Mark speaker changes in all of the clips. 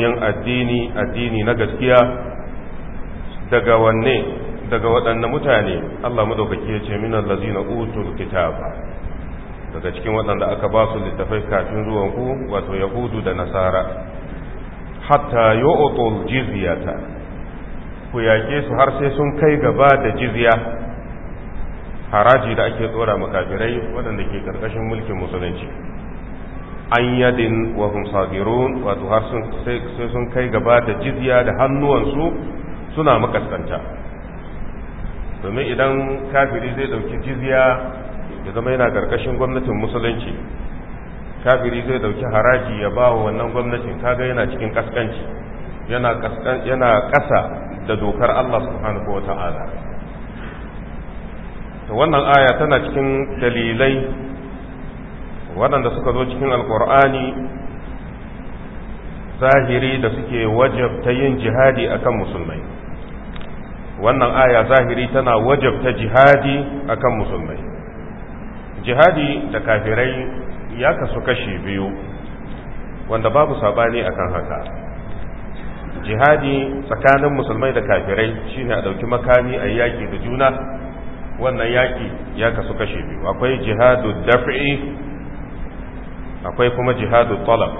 Speaker 1: yin addini addini na gaskiya daga wanne daga waɗanne mutane Allah madaukaki ya ce min allazina utul kitab daga cikin waɗanda aka ba su littafai kafin zuwan ku wato yahudu da nasara hatta yu'tul jizyata ku yaƙe su har sai sun kai gaba da jizya haraji da ake tsora makafirai waɗanda ke karkashin mulkin musulunci an yadin wa hum sagirun wato har sun sai sun kai gaba da jizya da hannuwansu suna makaskanta domin idan kafiri zai dauki jizya ya zama yana karkashin gwamnatin musulunci kafiri zai dauki haraji ya ba wa wannan gwamnatin kaga yana cikin kaskanci yana kaskan kasa da dokar Allah subhanahu wata'ala to wannan aya tana cikin dalilai waɗanda suka zo cikin Alƙur'ani zahiri da suke wajabta yin jihadi akan musulmai wannan aya zahiri tana wajabta jihadi akan musulmai jihadi da kafirai ya kasu kashi biyu wanda babu sabani akan haka jihadi tsakanin musulmai da kafirai shine a ɗauki makami a yaƙi da juna wannan yaƙi ya kasu kashi biyu akwai jihadu daf'i akwai kuma jihadu talab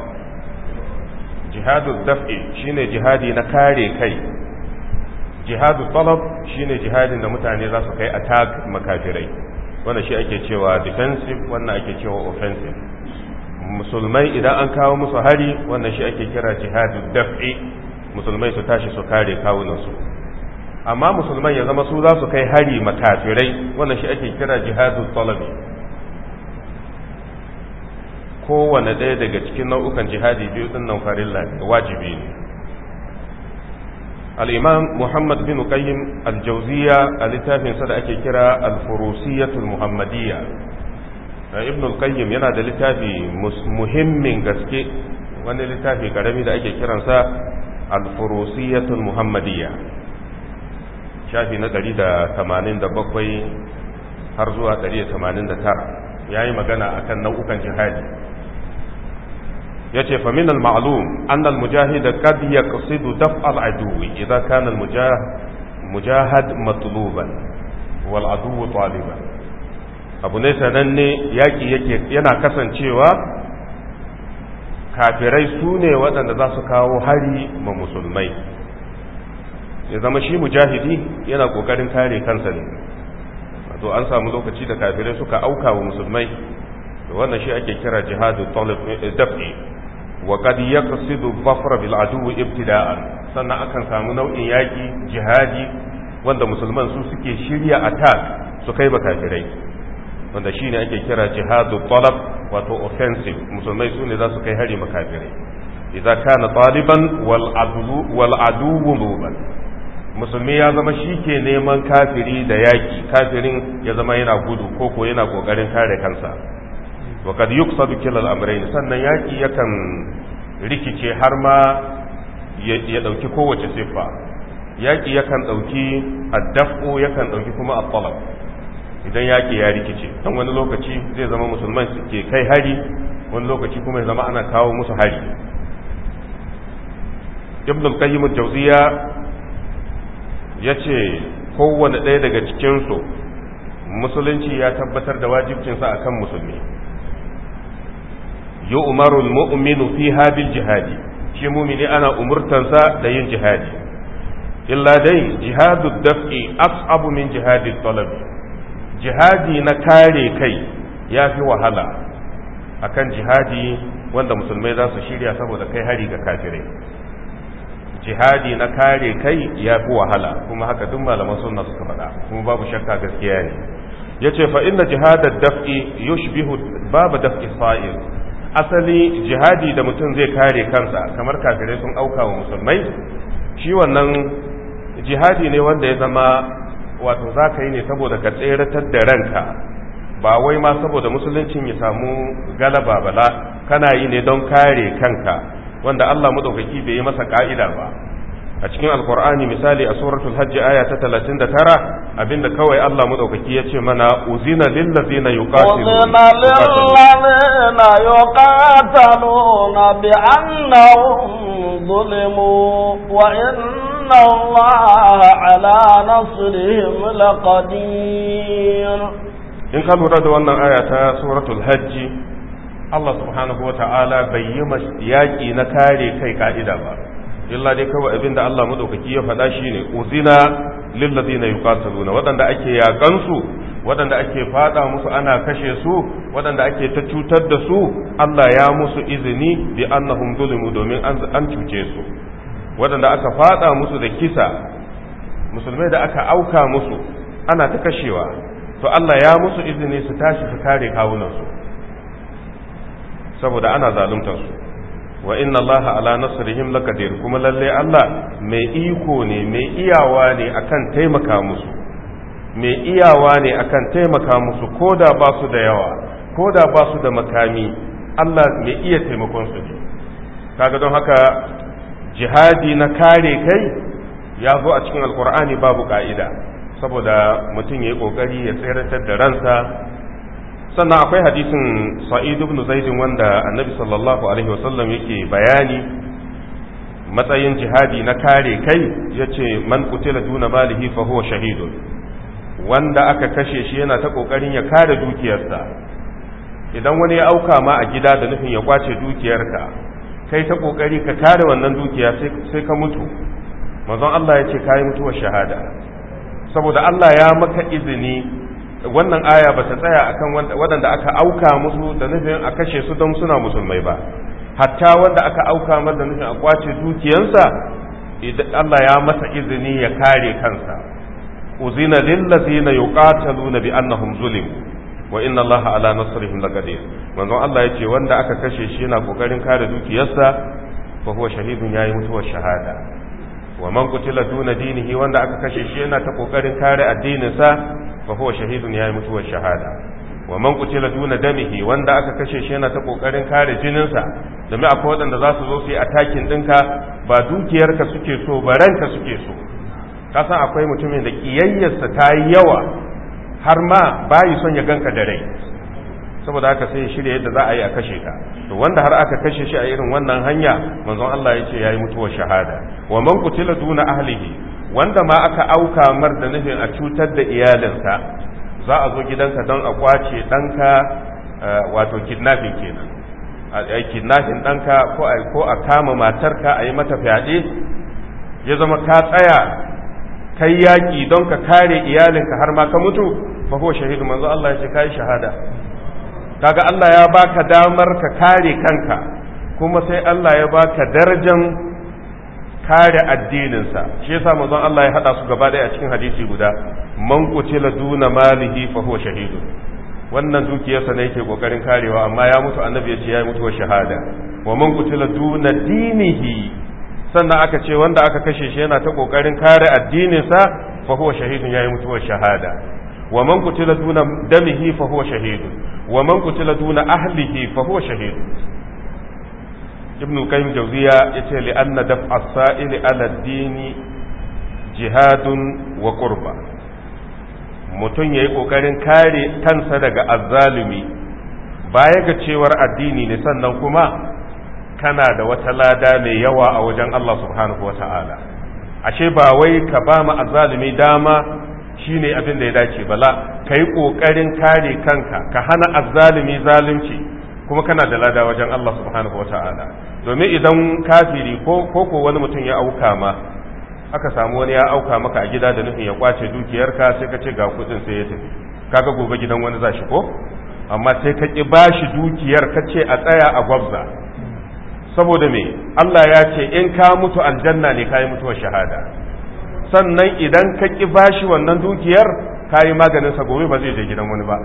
Speaker 1: jihadu daf'i shine jihadi na kare kai jihadu talab shine jihadin da mutane za su kai attack makafirai Wannan shi ake cewa defensive wannan ake cewa offensive musulmai idan an kawo musu hari wannan shi ake kira jihadu daf'i musulmai su tashi su kare kawunansu amma musulmai ya zama su za su kai hari makafirai wannan shi ake kira jihadu talabi kowane ɗaya daga cikin nau'ukan jihadi biyu ɗin nan farilla ne wajibi ne al'imam muhammad bin qayyim al jawziya a littafinsa da ake kira al-furusiyatul muhammadiyya eh, ibn al yana da littafi muhimmin gaske wani littafi karami da ake kiransa al-furusiyatul muhammadiyya shafi na 187 har zuwa 189 yayi magana akan nau'ukan jihadi yace fa min al-ma'lum anna al-mujahid qad yaqsidu daf' al adu idha kana al-mujahid matluban wal adu taliban abu ne sananne yaki yake yana kasancewa kafirai su ne waɗanda za su kawo hari ma musulmai ya zama shi mujahidi yana ƙoƙarin kare kansa ne to an samu lokaci da kafirai suka auka wa musulmai wannan shi ake kira jihadu talib eh, dafi wa kad yaqsidu dhafra bil adu ibtida'an sannan akan samu nau'in yaki jihadi wanda musulman su suke shirya attack su kai makafirai wanda shine ake kira jihadu talab wato offensive musulmai su ne za su kai hari makafirai idza kana taliban wal adu wal adu musulmi ya zama shike neman kafiri da yaki kafirin ya zama yana gudu ko ko yana kokarin kare kansa wa kad yuqsadu kilal amrayn sannan yaki yakan rikice har ma ya dauki kowace siffa yaki yakan dauki addafu yakan dauki kuma at-talab idan ya rikice dan wani lokaci zai zama musulman suke kai hari wani lokaci kuma ya zama ana kawo musu hari ibn al-qayyim al-jawziya yace kowanne ɗaya daga cikin su musulunci ya tabbatar da wajibcinsa akan musulmi yu'maru al-mu'minu fiha bil jihadi shi mumini ana umurtansa da yin jihadi illa dai jihadu daf'i as'abu min jihadi talabi jihadi na kare kai ya fi wahala akan jihadi wanda musulmai za su shirya saboda kai hari ga kafirai jihadi na kare kai ya fi wahala kuma haka duk malaman sunna suka faɗa kuma babu shakka gaskiya ne yace fa inna jihadad daf'i yushbihu babu daf'i sa'ir asali jihadi da mutum zai kare kansa kamar kafirai sun auka wa musulmai shi wannan jihadi ne wanda ya zama wato za ka yi ne saboda ka tseratar da ranka ba wai ma saboda musuluncin ya samu galaba bala kana yi ne don kare kanka wanda Allah madaukaki bai yi masa ƙa'ida ba a cikin alkur'ani misali a suratul hajj aya ta 39 abinda kawai Allah madaukaki yace mana uzina lil ladina yuqatiluna
Speaker 2: bi annahum zulimu wa inna Allah ala nasrihim laqadir
Speaker 1: in ka lura da wannan aya ta suratul hajj Allah subhanahu wa ta'ala bai yi yaki na kare kai ka'ida ba illa dai kawai abin da Allah madaukaki ya faɗa shi ne uzina lillazina yuqataluna waɗanda ake yakan su waɗanda ake faɗa musu ana kashe su waɗanda ake ta cutar da su Allah ya musu izini bi annahum zulimu domin an cuce su waɗanda aka faɗa musu da kisa musulmai da aka auka musu ana ta kashewa to Allah ya musu izini su tashi su kare kawunansu saboda ana zaluntar su wa inna Allah ala nasrihim laqadir kuma lalle Allah mai iko ne mai iyawa ne akan taimaka musu mai iyawa ne akan taimaka musu koda ba su da yawa koda ba su da makami Allah mai iya taimakon su ne kaga don haka jihadi na kare kai ya zo a cikin alkur'ani babu ka'ida saboda mutum ya yi kokari ya tseratar da ransa sannan akwai hadisin sa'id ibn zaidin wanda annabi sallallahu alaihi wasallam yake bayani matsayin jihadi na kare kai yace man qutila duna malihi fa huwa shahidun wanda aka kashe shi yana ta kokarin ya kare dukiyarsa idan wani ya auka ma a gida da nufin ya kwace dukiyarka kai ta kokari ka kare wannan dukiya sai ka mutu manzon Allah yace ce kai mutuwar shahada saboda Allah ya maka izini wannan aya ba ta tsaya akan waɗanda aka auka musu da nufin a kashe su don suna musulmai ba hatta wanda aka auka masa da nufin a kwace dukiyansa idan Allah ya masa izini ya kare kansa uzina lillazina yuqataluna bi annahum zulim wa inna Allah ala nasrihim laqadir manzon Allah yace wanda aka kashe shi yana kokarin kare dukiyarsa fa huwa shahidun yayi mutuwar shahada wa man qutila duna dinihi wanda aka kashe shi yana ta kokarin kare addininsa fa huwa shahidun yayi mutuwar shahada wa man qutila duna damihi wanda aka kashe shi yana ta kokarin kare jininsa domin akwai waɗanda za su zo su yi takin ɗinka ba dukiyarka suke so ba ranka suke so ka san akwai mutumin da kiyayyarsa ta yi yawa har ma bayi son ya ganka da rai saboda aka sai ya shirya yadda za a yi a kashe ka to wanda har aka kashe shi a irin wannan hanya manzon Allah ya ce yayi mutuwar shahada wa man kutila duna ahlihi wanda ma aka auka mar da nufin a cutar da iyalinsa za a zo gidanka don a kwace danka eh, wato kidnapping kenan a kidnapping danka ko a ko a kama matarka a yi mata fyaɗe ya zama ka tsaya kai yaƙi don ka kare iyalinka har ma ka mutu fa huwa shahidu manzo Allah ya ce kai shahada kaga Allah ya baka damar ka kare kanka kuma sai Allah ya baka darajan kare addininsa shi yasa manzon Allah ya hada su gaba daya a cikin hadisi guda man kutila duna malihi fa huwa shahidu wannan dukiyarsa ne yake kokarin karewa amma ya mutu annabi ya ce ya mutu wa shahada wa man kutila duna dinihi sannan aka ce wanda aka kashe shi yana ta kokarin kare addininsa fa huwa shahidun yayi mutuwar shahada wa man qutila duna damihi fa huwa shahidun wa man qutila duna ahlihi fa huwa shahid ibn ya ce yace li anna daf'a sa'ili ala dini jihadun wa qurba mutum yayi ƙoƙarin kare kansa daga azzalumi baya ga cewar addini ne sannan kuma kana da wata lada mai yawa a wajen Allah subhanahu wa ta'ala ashe ba wai ka ba mu azzalumi dama Shi ne abin da ya dace bala ka yi ƙoƙarin kare kanka ka hana azzalumi zalunci kuma kana da lada wajen Allah subhanahu wa ta'ala domin idan kafiri ko ko wani mutum ya auka ma aka samu wani ya auka maka a gida da nufin ya kwace dukiyarka sai ka ce ga kuɗin sai ya tafi kaga gobe gidan wani za shi ko amma sai ka ƙi bashi dukiyar ka ce a tsaya a gwabza saboda me Allah ya ce in ka mutu aljanna ne ka yi mutuwar shahada sannan idan ka ƙi bashi wannan dukiyar ka yi maganin sa gobe ba zai je gidan wani ba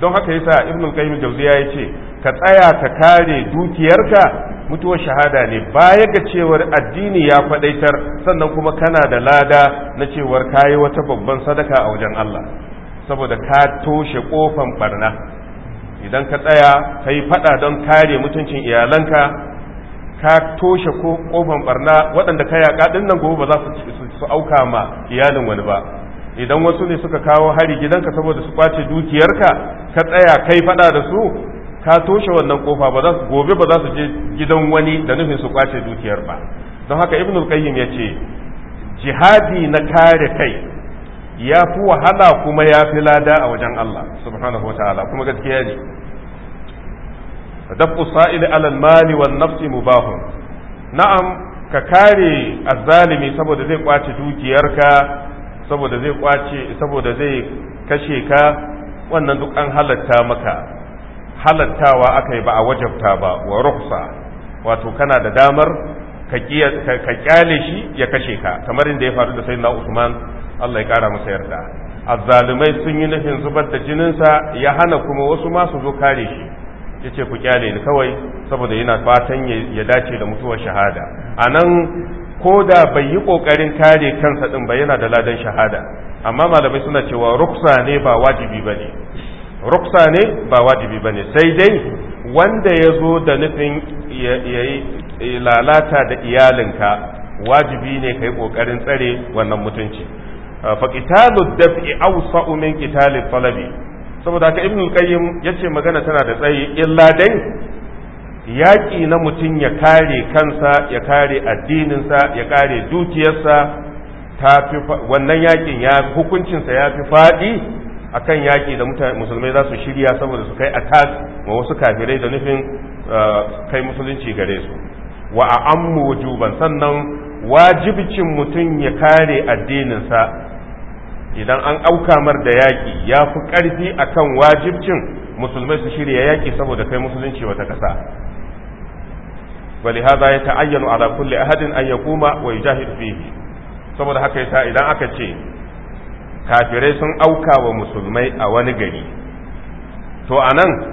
Speaker 1: don haka yasa ibn qayyim jawziya yace ka tsaya ka kare dukiyarka mutuwar shahada ne baya ga cewar addini ya faɗaitar sannan kuma kana da lada na cewar kayi wata babban sadaka a wajen Allah saboda ka toshe kofan barna idan ka tsaya ka yi faɗa don kare mutuncin iyalanka ka toshe ko kofan barna waɗanda ka yaƙa ɗin nan gobe ba za su auka ma iyalin wani ba idan wasu ne suka kawo hari gidanka saboda su kwace dukiyarka ka tsaya kai faɗa da su ka toshe wannan kofa ba za su gobe ba za su je gidan wani da nufin su kwace dukiyar ba don haka ibnu qayyim ya ce jihadi na kare kai ya fi wahala kuma ya fi lada a wajen Allah subhanahu wa ta'ala kuma gaskiya ne daf'u sa'il alal mali wan nafsi mubahun na'am ka kare azzalimi saboda zai kwace dukiyarka saboda zai kwace saboda zai kashe ka wannan duk an halatta maka halattawa aka yi ba a wajabta ba wa ruhsa wato kana da damar ka kyale shi ya kashe ka kamar inda ya faru da sayyidina Usman Allah ya kara masa yarda azzalumai sun yi nufin zubar da jininsa ya hana kuma wasu ma su zo kare shi ya ce ku kyale ni kawai saboda yana fatan ya dace da mutuwar shahada a nan ko da bai yi ƙoƙarin kare kansa din ba yana da ladan shahada amma malamai suna cewa ruksa ne ba wajibi ba ne ruksa ne ba wajibi ba ne sai dai wanda ya zo da nufin ya yi lalata da iyalinka wajibi ne ka yi ƙoƙarin tsare wannan mutunci faƙitalu dab'i awsa'u min qitalil talabi saboda haka ibnul qayyim yace magana tana da tsayi illa dai yaƙi na mutum ya kare kansa ya kare addininsa ya kare dukiyarsa wannan yaƙin ya hukuncinsa ya fi faɗi akan yaƙi da musulmai za su shirya saboda su kai attack ma wasu kafirai da nufin uh, kai musulunci gare su wa a ammu wujuban sannan wajibcin mutum ya kare addininsa idan an auka mar da yaƙi ya fi ƙarfi akan wajibcin musulmai su shirya yaƙi saboda kai musulunci wata ƙasa haza ولهذا يتعين على كل أحد أن wai ويجاهد fihi saboda haka yasa idan aka ce kafirai sun auka wa musulmai a wani gari to a nan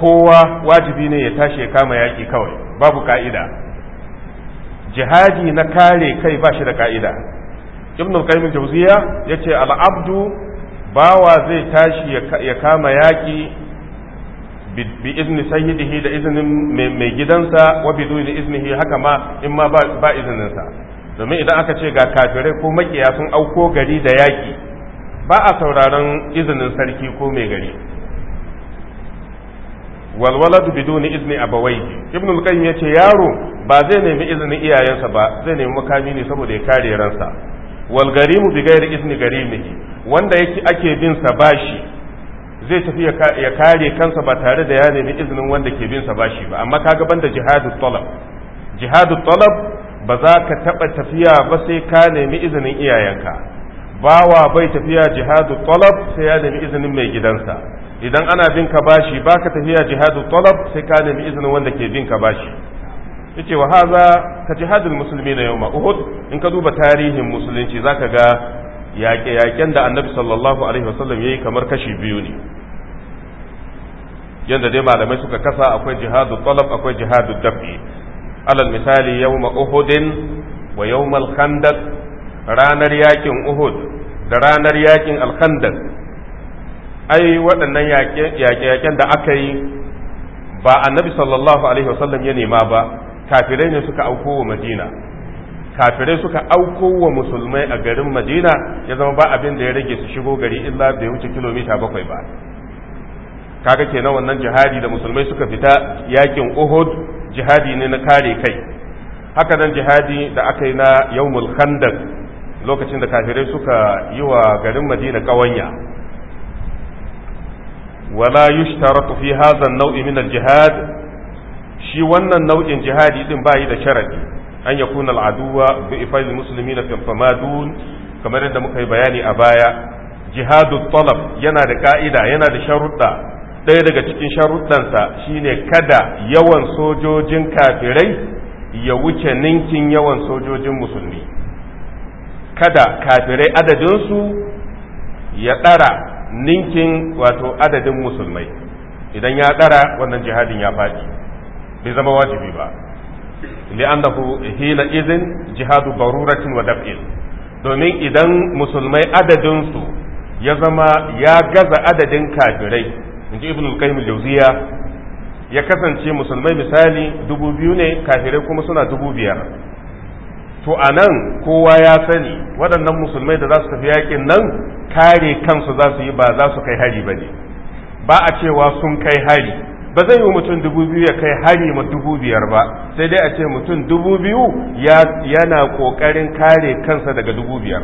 Speaker 1: kowa wajibi ne ya tashi ya kama yaƙi kawai babu ka'ida jihadi na kare kai ba shi da ka'ida ibn al-qayyim jawziya yace al-abdu bawa zai tashi ya kama yaki bi izni sayyidihi da iznin mai gidansa wa bi duni iznihi haka ma in ma ba iznin sa domin idan aka ce ga kafirai ko makiya sun auko gari da yaki ba a sauraron izinin sarki ko mai gari walwaladu biduni izni abawaihi ibn al-qayyim yace yaro ba zai nemi izinin iyayensa ba zai nemi makami ne saboda ya kare ransa wal garimu bi ghairi izni garimihi wanda yake ake bin sa bashi zai tafi ya kare kansa ba tare da ya nemi izinin wanda ke bin sa bashi ba amma kaga banda jihadu talab jihadu talab ba za ka taba tafiya ba sai ka nemi izinin iyayenka bawa bai tafiya jihadu talab sai ya nemi izinin mai gidansa idan ana bin ka bashi ba ka tafiya jihadu talab sai ka nemi izinin wanda ke bin ka bashi yace wa haza ka jihadul muslimina yawma uhud in ka duba tarihin musulunci zaka ga yaƙe yaƙen da annabi sallallahu alaihi wasallam yayi kamar kashi biyu ne yanda dai malamai suka kasa akwai jihadul talab akwai jihadul dabbi alal misali yawma uhudin wa yawmal khandaq ranar yakin uhud da ranar yakin al-khandaq ai waɗannan yaƙe yaƙen da aka yi ba annabi sallallahu alaihi wasallam ya nema ba kafirai ne suka auko wa madina kafirai suka auko wa musulmai a garin madina ya zama ba abin da ya rage su shigo gari illa bai wuce kilomita bakwai ba kaga kenan wannan jihadi da musulmai suka fita yakin uhud jihadi ne na kare kai haka nan jihadi da aka yi na yawmul khandaq lokacin da kafirai suka yi wa garin madina kawanya wala yushtaratu fi hadha an-naw'i min al-jihad shi wannan nau'in jihadi din yi da sharadi an ya kuna al'aduwa bi ifal muslimina fi famadun kamar yadda muka yi bayani a baya jihadu talab yana da ka'ida yana da sharuɗa ɗaya daga cikin sharuɗansa shine kada yawan sojojin kafirai ya wuce ninkin yawan sojojin musulmi kada kafirai adadinsu ya ɗara ninkin wato adadin musulmai idan ya ɗara wannan jihadin ya faɗi bai zama wajibi ba annahu hila izin jihadu baruratin wa dab'in. domin idan musulmai adadin su ya zama ya gaza adadin kafirai inji ibn al-qayyim al-jawziya ya kasance musulmai misali dubu biyu ne kafirai kuma suna dubu biyar to a nan kowa ya sani waɗannan musulmai da za su tafi yakin nan kare kansu za su yi ba za su kai hari ba ne ba a cewa sun kai hari ba zai yi mutum dubu biyu ya kai hari ma dubu biyar ba sai dai a ce mutum dubu biyu yana ƙoƙarin kare kansa daga dubu biyar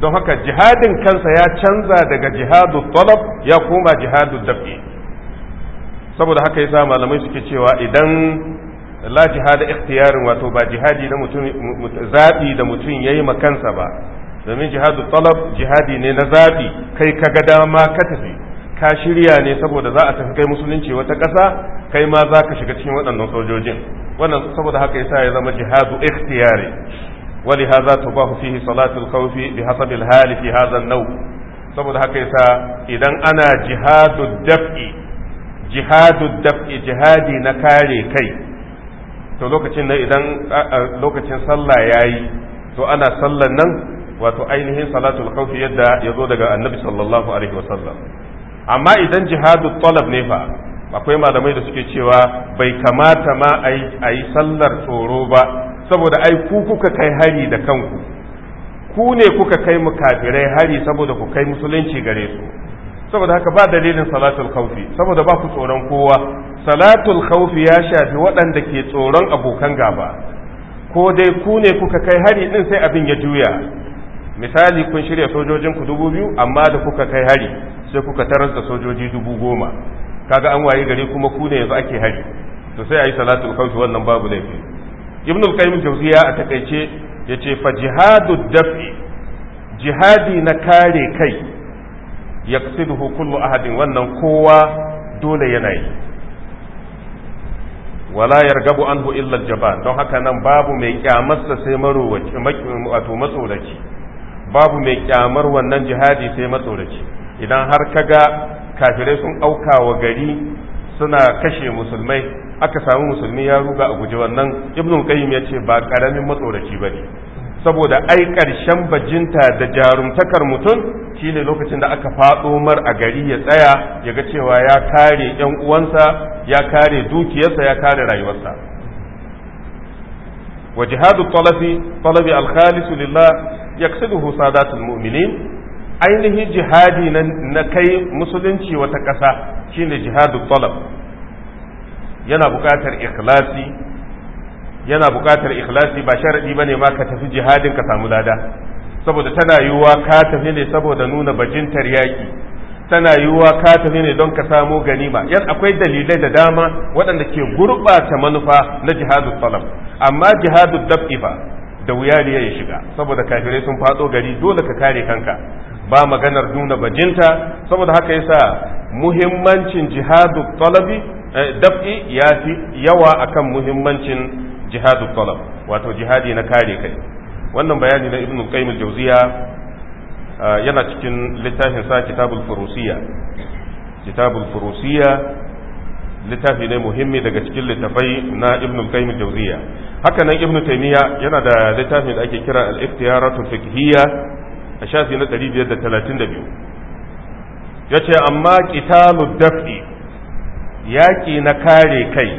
Speaker 1: don haka jihadin kansa ya canza daga jihadu talab ya koma jihadu dafi saboda haka ya yasa malamai suke cewa idan la jihada ikhtiyarin wato ba jihadi na mutum zaɓi da mutum yayi ma kansa ba domin jihadu talab jihadi ne na zabi kai ka ga dama ka tafi ka shirya ne saboda za a tafi kai musulunci wata ƙasa kai ma za ka shiga cikin waɗannan sojojin wannan saboda haka yasa ya zama jihadu ikhtiyari wali hadha tubahu fihi salatul khawfi bi hasabi al hali fi hadha an-naw saboda haka yasa idan ana jihadu daf'i jihadu daf'i jihadi na kare kai to lokacin nan idan lokacin sallah yayi to ana sallan nan wato ainihin salatu salatul khawfi yadda yazo daga annabi sallallahu alaihi wasallam amma idan jihadu talab ne fa akwai malamai da suke cewa bai kamata ma a yi sallar tsoro ba saboda ai ku kuka kai hari da kanku ku ne kuka kai mu kafirai hari saboda ku kai musulunci gare su saboda haka ba dalilin salatul khawfi saboda ba ku tsoron kowa salatul khawfi ya shafi waɗanda ke tsoron abokan gaba ko dai ku ne kuka kai hari din sai abin ya juya misali kun shirya sojojin ku dubu biyu amma da kuka kai hari sai kuka tarar da sojoji dubu goma kaga an waye gari kuma ku ne yanzu ake hari to sai ayi salatu khawfi wannan babu laifi ibnu qayyim jawziya a takaice yace fa jihadu daf'i jihadi na kare kai yaqsiduhu kullu ahadin wannan kowa dole yana yi wala yargabu anhu illa al jabal don haka nan babu mai kyamarsa sai marowaci wato matsolaci babu mai kyamar wannan jihadi sai matsoraci idan har ka ga kafirai sun auka wa gari suna kashe musulmai aka samu musulmi ya ruga a guji wannan ibnu qayyim ya ce ba karamin matsoraci bane saboda ai karshen bajinta da jarumtakar mutum shine lokacin da aka faɗo mar a gari ya tsaya ya ga cewa ya kare yan uwansa ya kare dukiyarsa ya kare rayuwarsa wa jihadu talabi talabi al-khalis lillah yaqsiduhu mu'minin ainihi jihadi na kai musulunci wata ƙasa shine jihadu talab yana buƙatar ikhlasi yana buƙatar ikhlasi ba sharadi bane ma ka tafi jihadin ka samu lada saboda tana yiwuwa ka tafi ne saboda nuna bajintar yaƙi tana yiwuwa ka tafi ne don ka samo ganima yan akwai dalilai da dama waɗanda ke gurɓata manufa na jihadu talab amma jihadu dab'i ba da wuya ne ya shiga saboda kafirai sun faɗo gari dole ka kare kanka ba maganar nuna bajinta saboda haka yasa muhimmancin jihadu talabi eh, dab'i ya fi yawa akan muhimmancin jihadu talab wato jihadi na kare kai wannan bayani na ibnu qayyim al-jawziya yana cikin littafin sa kitabul furusiya kitabul furusiya littafi ne muhimmi daga cikin littafai na ibn al-qayyim al-jawziya haka nan ibn taymiya yana da littafi da ake kira al-ikhtiyaratu fiqhiyya a shafi na 532 yace amma qitalu daf'i yaki na kare kai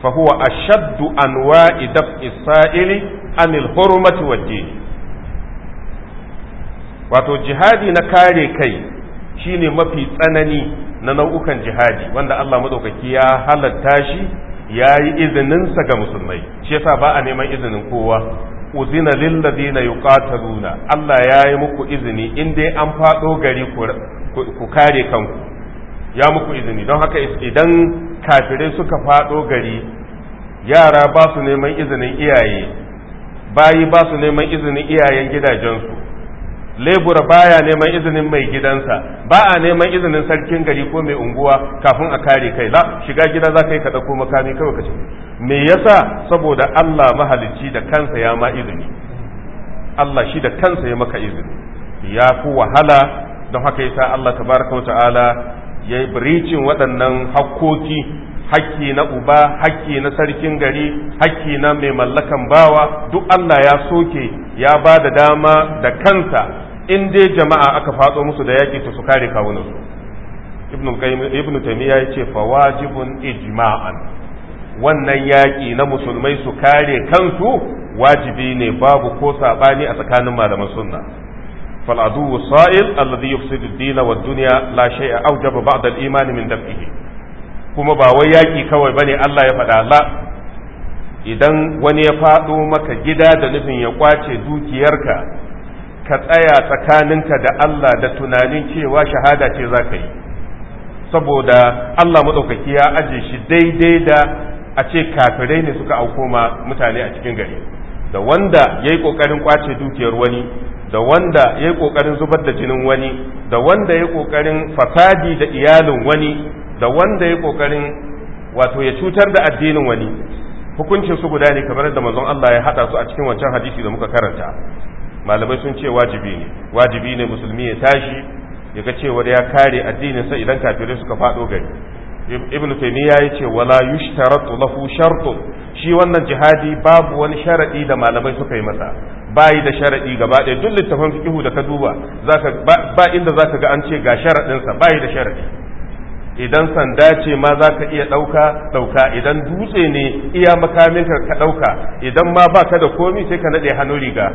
Speaker 1: fa huwa ashaddu anwa'i daf'i sa'ili anil hurmati wad wato jihadi na kare kai shine mafi tsanani na nau'ukan jihadi wanda Allah madaukaki ya halatta shi ya yi izininsa ga musulmai shi yasa ba a neman izinin kowa uzina lillazina yuqataluna Allah ya yi muku izini in dai an faɗo gari ku kare kanku ya muku izini don haka idan kafirai suka faɗo gari yara ba su neman izinin iyaye bayi ba su neman izinin iyayen gidajensu lebura baya neman izinin mai gidansa ba a neman izinin sarkin gari ko mai unguwa kafin a kare kai la shiga gida za ka yi kaɗa makami kawai ka ce me yasa saboda Allah mahalicci da kansa ya ma izini Allah shi da kansa ya maka izini ya fi wahala don haka yasa Allah tabaraka wa ta'ala ya yi biricin waɗannan hakkoki hakki na uba hakki na sarkin gari hakki na mai mallakan bawa duk Allah ya soke ya ba da dama da kansa in dai jama'a aka fatso musu da yaki to su kare kawunansu ibnu qayyim ibn ya yace fa wajibun ijma'an wannan yaƙi na musulmai su kare kansu wajibi ne babu ko sabani a tsakanin malaman sunna fal adu sa'il alladhi yufsidu ad-din wa ad-dunya la shay'a awjaba ba'da al-iman min daf'ihi kuma ba wai yaki kawai bane Allah ya faɗa la idan wani ya faɗo maka gida da nufin ya kwace dukiyarka ka tsaya tsakaninka da Allah da tunanin cewa shahada ce za ka yi saboda Allah maɗaukaki ya aje shi daidai da a ce kafirai ne suka auko ma mutane a cikin gari da wanda ya yi ƙoƙarin ƙwace dukiyar wani da wanda ya yi ƙoƙarin zubar da jinin wani da wanda ya yi ƙoƙarin fasadi da iyalin wani da wanda ya yi ƙoƙarin wato ya cutar da addinin wani hukuncin su guda ne kamar da manzon Allah ya hada su a cikin wancan hadisi da muka karanta malamai sun ce wajibi ne wajibi ne musulmi ya tashi ya ga cewa ya kare addinin sa idan kafirai suka faɗo gari ibnu taymiya ce wala yushtaratu lahu shartu shi wannan jihadi babu wani sharadi da malamai suka yi masa bayi da sharadi gaba ɗaya duk littafin fiqhu da ka duba zaka ba inda zaka ga an ce ga sharadin sa bayi da sharadi idan sanda ce ma za ka iya ɗauka ɗauka idan dutse ne iya makamin ka ɗauka idan ma ba ka da komi sai ka naɗe hannu riga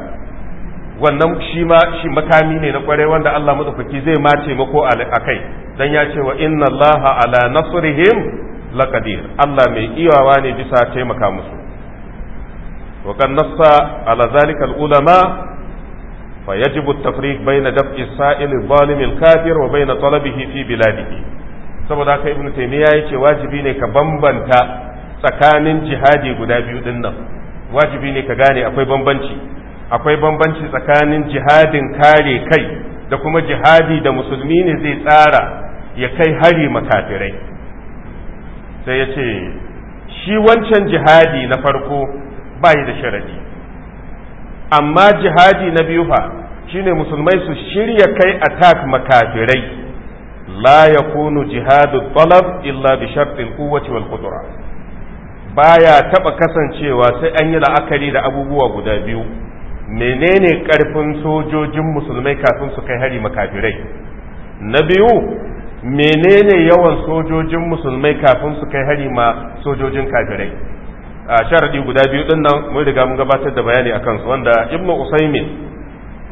Speaker 1: wannan shi ma shi makami ne na kwarai wanda Allah madaukaki zai ma mako a kai dan ya ce wa inna Allah ala nasrihim laqadir Allah mai iyawa ne bisa taimaka musu wa kan nassa ala zalika ulama fa yajibu at-tafriq bayna daf'i sa'il zalim al-kafir wa baina talabihi fi biladihi saboda haka ibnu taymiya yace wajibi ne ka bambanta tsakanin jihadi guda biyu dinnan wajibi ne ka gane akwai bambanci akwai bambanci tsakanin jihadin kare kai da kuma jihadi da musulmi ne zai tsara ya kai hari makafirai sai ya ce shi wancan jihadi na farko bayi da sharadi amma jihadi na biyu fa shine musulmai su shirya kai attack makafirai la kunu jihadu talab illa bi shartin quwwati wal qudra baya taba kasancewa sai an yi la'akari da abubuwa guda biyu menene karfin sojojin musulmai kafin su kai hari makafirai na biyu menene yawan sojojin musulmai kafin su kai hari ma sojojin kafirai a sharadi guda biyu din nan mun riga mun gabatar da bayani akan su wanda ibnu usaymin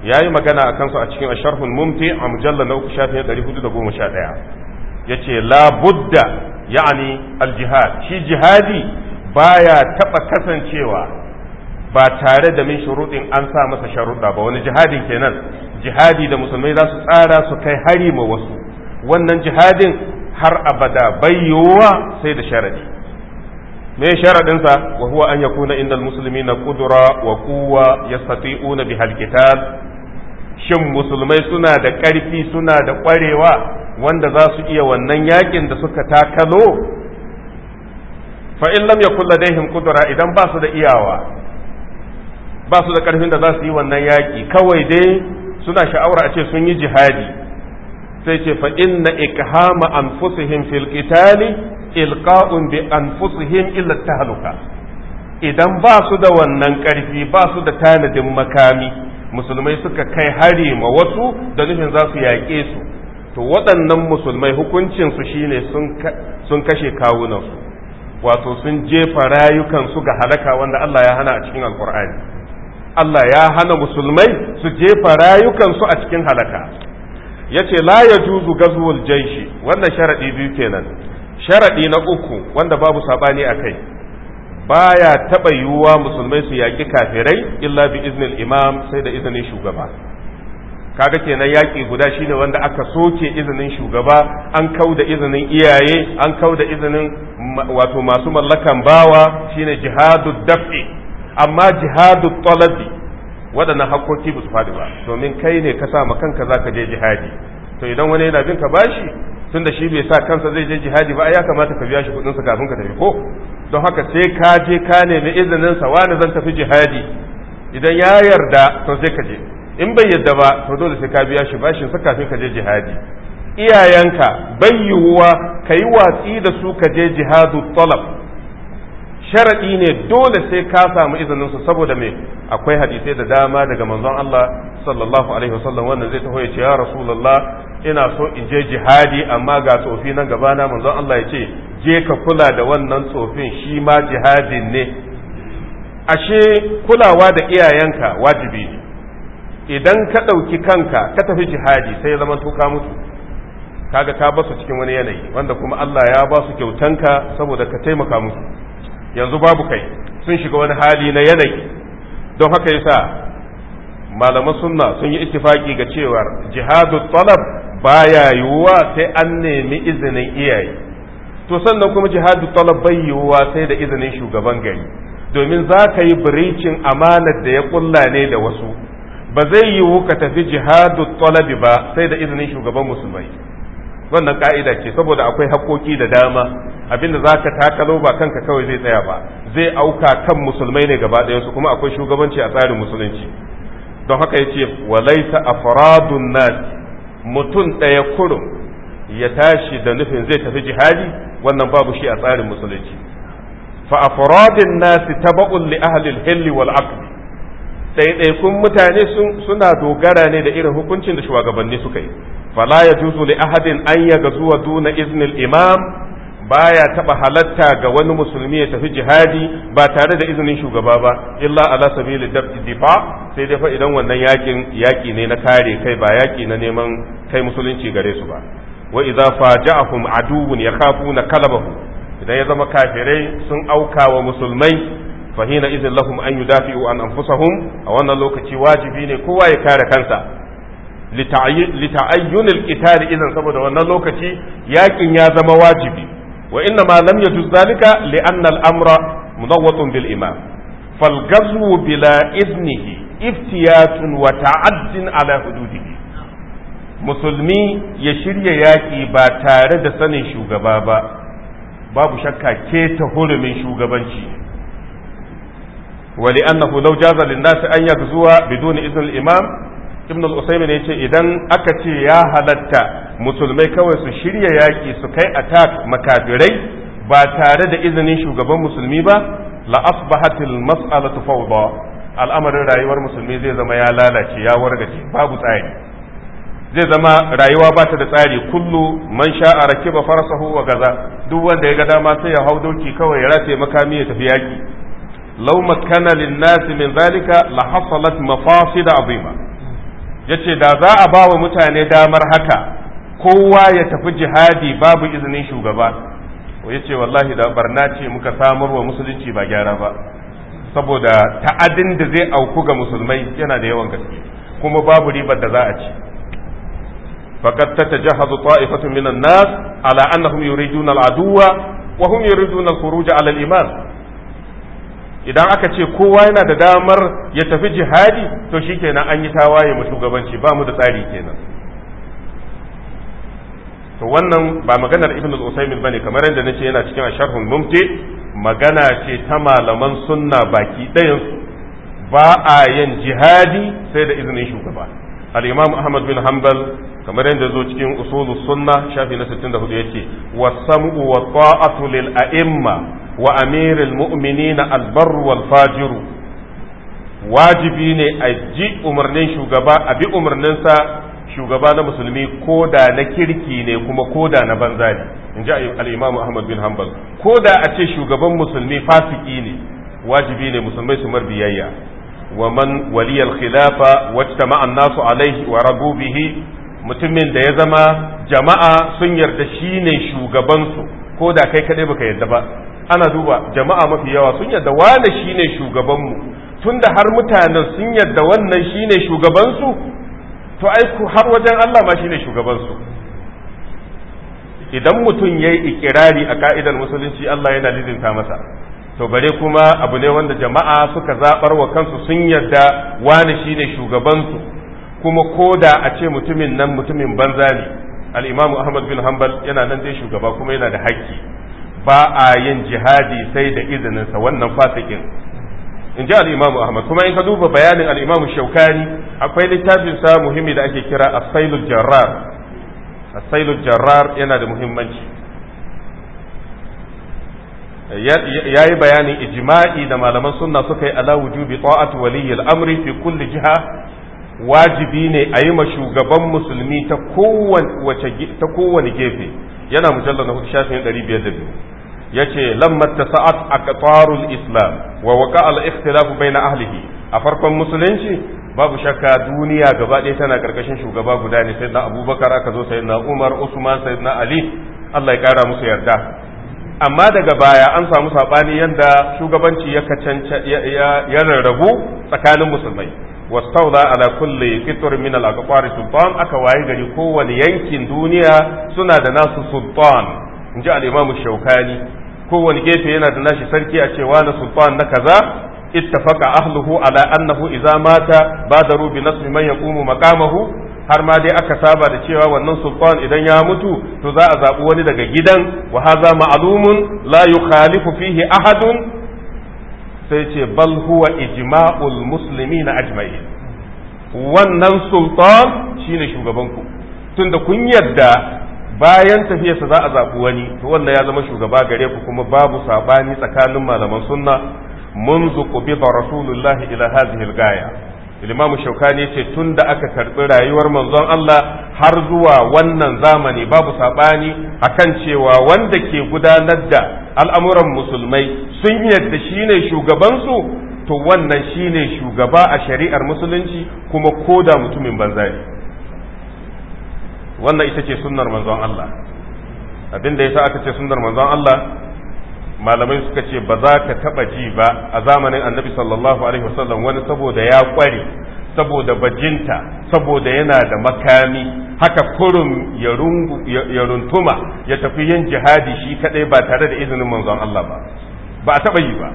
Speaker 1: yayi magana a kansu a cikin asharhul mumti a mujallal na uku shafin 411 yace la budda yani al jihad shi jihadi baya taɓa kasancewa ba tare da min shuruɗin an sa masa sharuɗa ba wani jihadin kenan jihadi da musulmai za su tsara su kai hari ma wasu wannan jihadin har abada bai yiwuwa sai da sharadi me sharaɗinsa wa huwa an yakuna indal muslimina qudra wa quwwa yastati'una bihal qital shin musulmai suna da ƙarfi suna da ƙwarewa wanda za su iya wannan yakin da suka takalo fa in lam yakul ladaihim qudra idan ba su da iyawa ba su da karfin da za su yi wannan yaƙi kawai dai suna sha'awar a ce sun yi jihadi sai ce fa inna ikhama anfusihim fil qitali ilqa'un bi anfusihim illa tahluka idan ba su da wannan karfi ba su da tanadin makami musulmai suka kai hari ma wasu da nufin za su yaƙe su to waɗannan musulmai hukuncin su shine sun kashe kawunansu wato sun jefa rayukansu ga halaka wanda Allah ya hana a cikin alkur'ani Allah ya hana musulmai su jefa rayukansu a cikin halaka yace la ya juzu gazwul jaishi wannan sharaɗi biyu kenan Sharaɗi na uku wanda babu saɓani sabani akai baya taɓa yiwuwa musulmai su yaki kafirai illa bi iznil imam sai da izinin shugaba kaga kenan yaki guda shine wanda aka soke izinin shugaba an kau da izinin iyaye an kau da izinin wato masu mallakan bawa shine jihadu daf'i amma jihadu talabi waɗannan hakkoki ba su faɗi ba domin kai ne ka sa ma kanka zaka je jihadi to idan wani yana bin ka bashi tun da shi bai sa kansa zai je jihadi ba ya kamata ka biya shi kuɗin sa kafin ka tafi ko don haka sai ka je ka nemi izinin sa wani zan tafi jihadi idan ya yarda to sai ka je in bai yarda ba to dole sai ka biya shi bashin sa kafin ka je jihadi iyayenka bai yiwuwa ka yi watsi da su ka je jihadu talab sharaɗi ne dole sai ka samu izinin su saboda me akwai hadisai da dama daga manzon Allah sallallahu alaihi wasallam wannan zai taho ya ce ya rasulullah ina so in je jihadi amma ga tsofi nan gaba na manzon Allah ya ce je ka kula da wannan tsofin shi ma jihadin ne ashe kulawa da iyayenka wajibi ne idan ka ɗauki kanka ka tafi jihadi sai zaman zama tuka mutu kaga ka basu cikin wani yanayi wanda kuma Allah ya ba su kyautanka saboda ka taimaka musu yanzu babu kai sun shiga wani hali na yanayi don haka sa malaman sunna sun yi ittifaki ga cewar jihadu talab baya yiwuwa sai an nemi izinin iyaye to sannan kuma jihadu talab bai yiwuwa sai da izinin shugaban gari domin za ka yi birincin amanar da ya kulla ne da wasu ba zai yiwu ka tafi jihadu talabi ba sai da izinin shugaban musulmai wannan ka'ida ce saboda akwai haƙoƙi da dama abinda za ka takalo ba kanka kawai zai tsaya ba zai auka kan musulmai ne gaba ɗayansu kuma akwai shugabanci a tsarin musulunci don haka ya ce walaita faradun nasi mutum ɗaya kurum ya tashi da nufin zai tafi jihadi wannan babu shi a tsarin musulunci fa nasi ta tabaqun li ahalil hilli wal aqd ɗaiɗaikun mutane suna dogara ne da irin hukuncin da shugabanni suka yi Bala ya juzu li ahadin an ya gazuwa duna iznil imam baya taɓa halatta ga wani musulmi ya tafi jihadi ba tare da izinin shugaba ba illa ala sabili difa sai dai fa idan wannan yakin yaki ne na kare kai ba yaki na neman kai musulunci gare su ba wa idza faja'ahum aduwwun yakhafuna kalabahu idan ya zama kafirai sun auka wa musulmai fahina idzin lahum an yudafi'u an anfusahum a wannan lokaci wajibi ne kowa ya kare kansa lita'ayyunil qitali idan saboda wannan lokaci yakin ya zama wajibi wa inna ma lam yajuz zalika li anna al-amra mudawwatun bil imam fal ghazwu bila idnihi iftiyatun wa ta'addin ala hududihi musulmi ya shirya yaƙi ba tare da sanin shugaba ba babu shakka keta hurumin shugabanci ولأنه لو جاز للناس أن يغزو بدون إذن الإمام ibn al-usaymin yace idan aka ce ya halatta musulmai kawai su shirya yaki su kai attack makafirai ba tare da izinin shugaban musulmi ba la asbahatil mas'alatu fawda al'amarin rayuwar musulmi zai zama ya lalace ya wargaje babu tsari zai zama rayuwa ba ta da tsari kullu man sha rake ba farasahu wa gaza duk wanda ya ga dama sai ya hau doki kawai ya rataye makami ya tafi yaki law makkana lin-nasi min zalika la hasalat mafasid azima yace da za a bawa mutane damar haka kowa ya tafi jihadi babu izinin shugaba yace wallahi da barna ce muka samar wa musulunci ba gyara ba saboda ta'adin da zai auku ga musulmai yana da yawan gaske kuma babu ribar da za a ci faqad jahazu ta'ifatu minan nas ala annahum yuriduna al-aduwa wa hum yuriduna al-khuruj ala al-iman idan aka ce kowa yana da damar ya tafi jihadi to shi kenan an yi tawaye mu shugabanci ba mu da tsari kenan to wannan ba maganar ibnu al-usaymin bane kamar yadda nace yana cikin asharhul mumti magana ce ta malaman sunna baki ɗayan ba a yin jihadi sai da izinin shugaba al-imam ahmad bin hanbal kamar yadda zo cikin usulus sunna shafi na 64 yace wasam'u wa ta'atu lil a'imma wa amiril mu'minina albarru wal fajiru wajibi ne a a bi umarninsa shugaba na musulmi ko da na kirki ne kuma ko da na banza ne in ji al'imamu ahmad bin hanbal ko da a ce shugaban musulmi fasiki ne wajibi ne musulmai su mar biyayya wa man waliyal khilafa wacce ma'an nasu alaihi wa ragubihi. mutumin da ya zama jama'a sun yarda shi ne shugabansu ko da kai kaɗai baka yarda ba ana duba jama'a mafi yawa sun yadda wane shine shugabanmu tunda har mutanen sun yadda wannan shine shugabansu to ai har wajen Allah ma shine shugabansu idan mutum ya yi ikirari a ka'idar musulunci Allah yana lizinta masa to bare kuma abu ne wanda jama'a suka zaɓar wa kansu sun yadda wani shine shugabansu kuma ko da a ce mutumin nan mutumin banza ne al'imamu ahmad bin hanbal yana nan dai shugaba kuma yana da haƙƙi ba a yin jihadi sai da izininsa wannan fasikin in ji al'imamu ahmad kuma in ka duba bayanin al'imamu shaukani akwai littafin sa muhimmi da ake kira asailul jarrar asailul jarrar yana da muhimmanci ya yi bayanin ijma'i da malaman sunna suka yi ala wujubi ta'atu waliyyil amri fi kulli jiha wajibi ne a yi ma shugaban musulmi ta kowane gefe yana mujallar na hudu shafin yace lamma tasa'at aqtarul islam wa waqa al ikhtilaf baina ahlihi a farkon musulunci babu shakka duniya gaba ɗaya tana karkashin shugaba guda ne sai na abubakar aka zo sai na umar usman sai na ali allah ya kara musu yarda amma daga baya an samu saɓani yadda shugabanci ya kacanca ya rarrabu tsakanin musulmai wastauda ala kulli fitr min al aqtar sultan aka waye gari kowane yankin duniya suna da nasu sultan in ji al'imamu shaukani kowane gefe yana da nashi sarki a cewa na sultan na kaza ittafaka ahluhu ala annahu idza mata badaru bi nasmi man yaqumu maqamahu har ma dai aka saba da cewa wannan sultan idan ya mutu to za a zaɓi wani daga gidan wa ma'alumun ma'lumun la yukhalifu fihi ahadun sai ce bal huwa ijima'ul ijma'ul na ajma'in wannan sultan shine shugaban ku tunda kun yadda bayan tafiyarsa za a zaɓi wani to wannan ya zama shugaba gare ku kuma babu sabani tsakanin malaman sunna منذ قبض rasulullahi الله إلى هذه gaya. الإمام الشوكاني ce tun da aka karɓi rayuwar manzon Allah har zuwa wannan zamani babu saɓani akan cewa wanda ke gudanar da al'amuran musulmai sun yadda shi ne shugabansu to wannan shi ne shugaba a shari'ar musulunci kuma ko da mutumin banzari. wannan ita ce sunnar manzon Allah abin da yasa aka ce sunnar manzon Allah malamai suka ce ba za ka taba ji ba a zamanin annabi sallallahu alaihi wasallam wani saboda ya kware saboda bajinta saboda yana da makami haka kurun ya runtuma ya tafi yin jihadi shi kadai ba tare da izinin manzon Allah ba ba a taba yi ba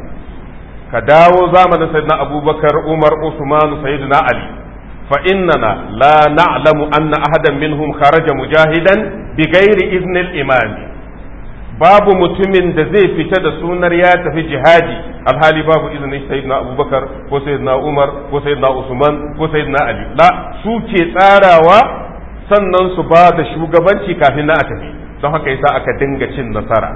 Speaker 1: ka dawo zamanin sayyidina abubakar umar usman sayyidina ali fa innana la na'lamu anna ahadan minhum kharaja mujahidan bigairi ghairi iznil imami babu mutumin da zai fita da sunan ya tafi jihadi alhali babu izinin sayyidina abubakar ko sayyidina umar ko sayyidina usman ko sayyidina ali su ke tsarawa sannan su ba da shugabanci kafin na a tafi don haka yasa aka dinga cin nasara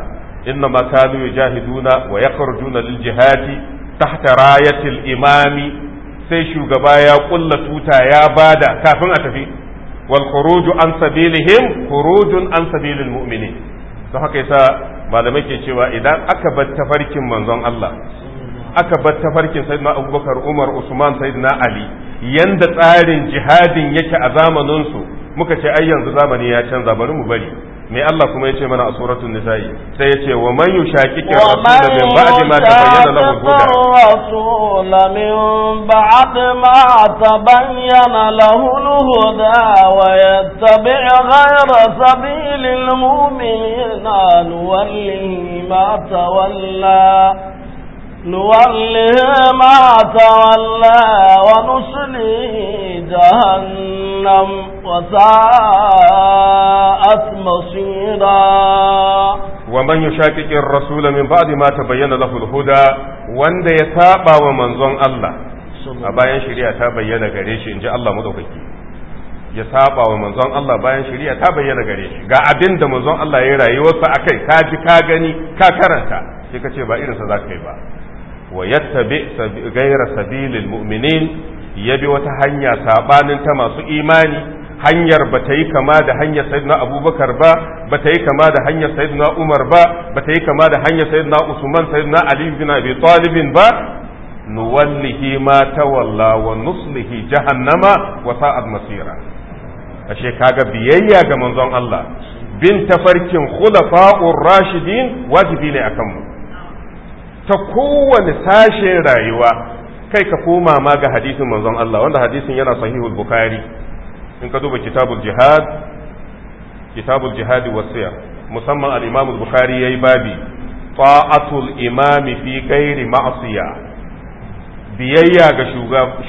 Speaker 1: inna ma kanu yujahiduna wa yakhrujuna jihadi tahta rayatil imami sai shugaba ya kulla tuta ya bada kafin a tafi wal khuruju an sabilihim khurujun an sabilil mu'minin don haka yasa malamai ke cewa idan aka bar tafarkin manzon Allah aka bar tafarkin sayyidina Abubakar Umar Usman sayyidina Ali yanda tsarin jihadin yake a zamanin su muka ce ai yanzu zamani ya canza bari mu bari me Allah kuma ya ce mana a suratun nisa'i sai yace wa man yushaqiqi rasul min ba'di ma tabayyana lahu
Speaker 2: al-huda rasul min ba'di ma tabayyana lahu huda wa yattabi' ghayra sabilil mu'minina nuwallihi ma tawalla نوله ما تولى ونصليه جهنم وساءت مصيرا
Speaker 1: ومن يشاكك الرسول من بعد ما تبين له الهدى وان يتابع ومن ظن الله أبايا شريعة تبين غريش إن جاء الله مدوكي ya saba wa manzon Allah bayan shari'a ta bayyana gare shi ga abin da manzon Allah ya rayuwa sa akai ka ji ka gani ka karanta sai ka ce ba irinsa za ka yi ba wa yattabi gaira sabilil mu'minin ya bi wata hanya saɓanin ta masu imani hanyar ba ta yi kama da hanyar sayyidina abubakar ba ba ta yi kama da hanyar sayyidina umar ba ba ta yi kama da hanyar sayyidina usman sayyidina ali bin abi talibin ba nuwallihi ma tawalla wa nuslihi jahannama wa sa'ad masira ashe kaga biyayya ga manzon Allah bin tafarkin khulafa'ur rashidin wajibi ne akan mu ta kowane sashen rayuwa kai ka koma ma ga hadisin manzon Allah wanda hadisin yana sahihul bukhari in ka duba kitabul jihad kitabul jihad siya musamman al-imam al-bukhari yayi babi ta'atul imam fi ghairi ma'siya biyayya ga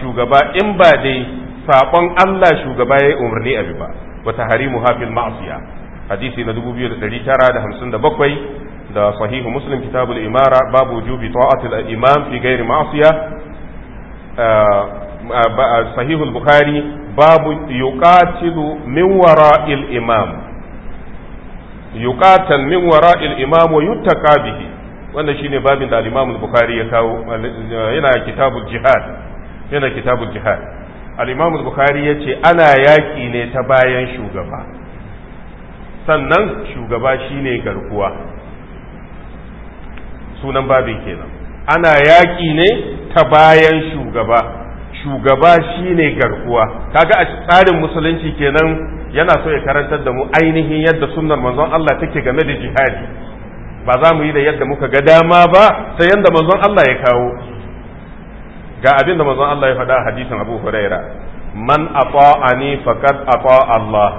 Speaker 1: shugaba in ba dai sabon Allah shugaba yayi umarni abi ba wa tahrimu hafil ma'siya hadisi na 2957 da sahihu muslim kitabul imara babu wujubi ta'atul imam fi ghairi ma'siya ah, ah, sahihul bukhari babu yuqatilu min wara'il imam yuqatal min wara'il imam wa yuttaka bihi wannan shine babin da al-imam bukhari ya kawo yana kitabul jihad yana kitabul jihad al-imam bukhari yace ana yaki ne ta bayan shugaba sannan shugaba shine garkuwa sunan babin kenan ana yaƙi ne ta bayan shugaba shugaba shine garkuwa kaga a tsarin musulunci kenan yana so ya karantar da mu ainihin yadda sunnar manzon Allah take game da jihadi ba za mu yi da yadda muka ga dama ba sai yadda manzon Allah ya kawo ga abin da manzon Allah ya faɗa a hadisin Abu Huraira man ata'ani faqad ata'a Allah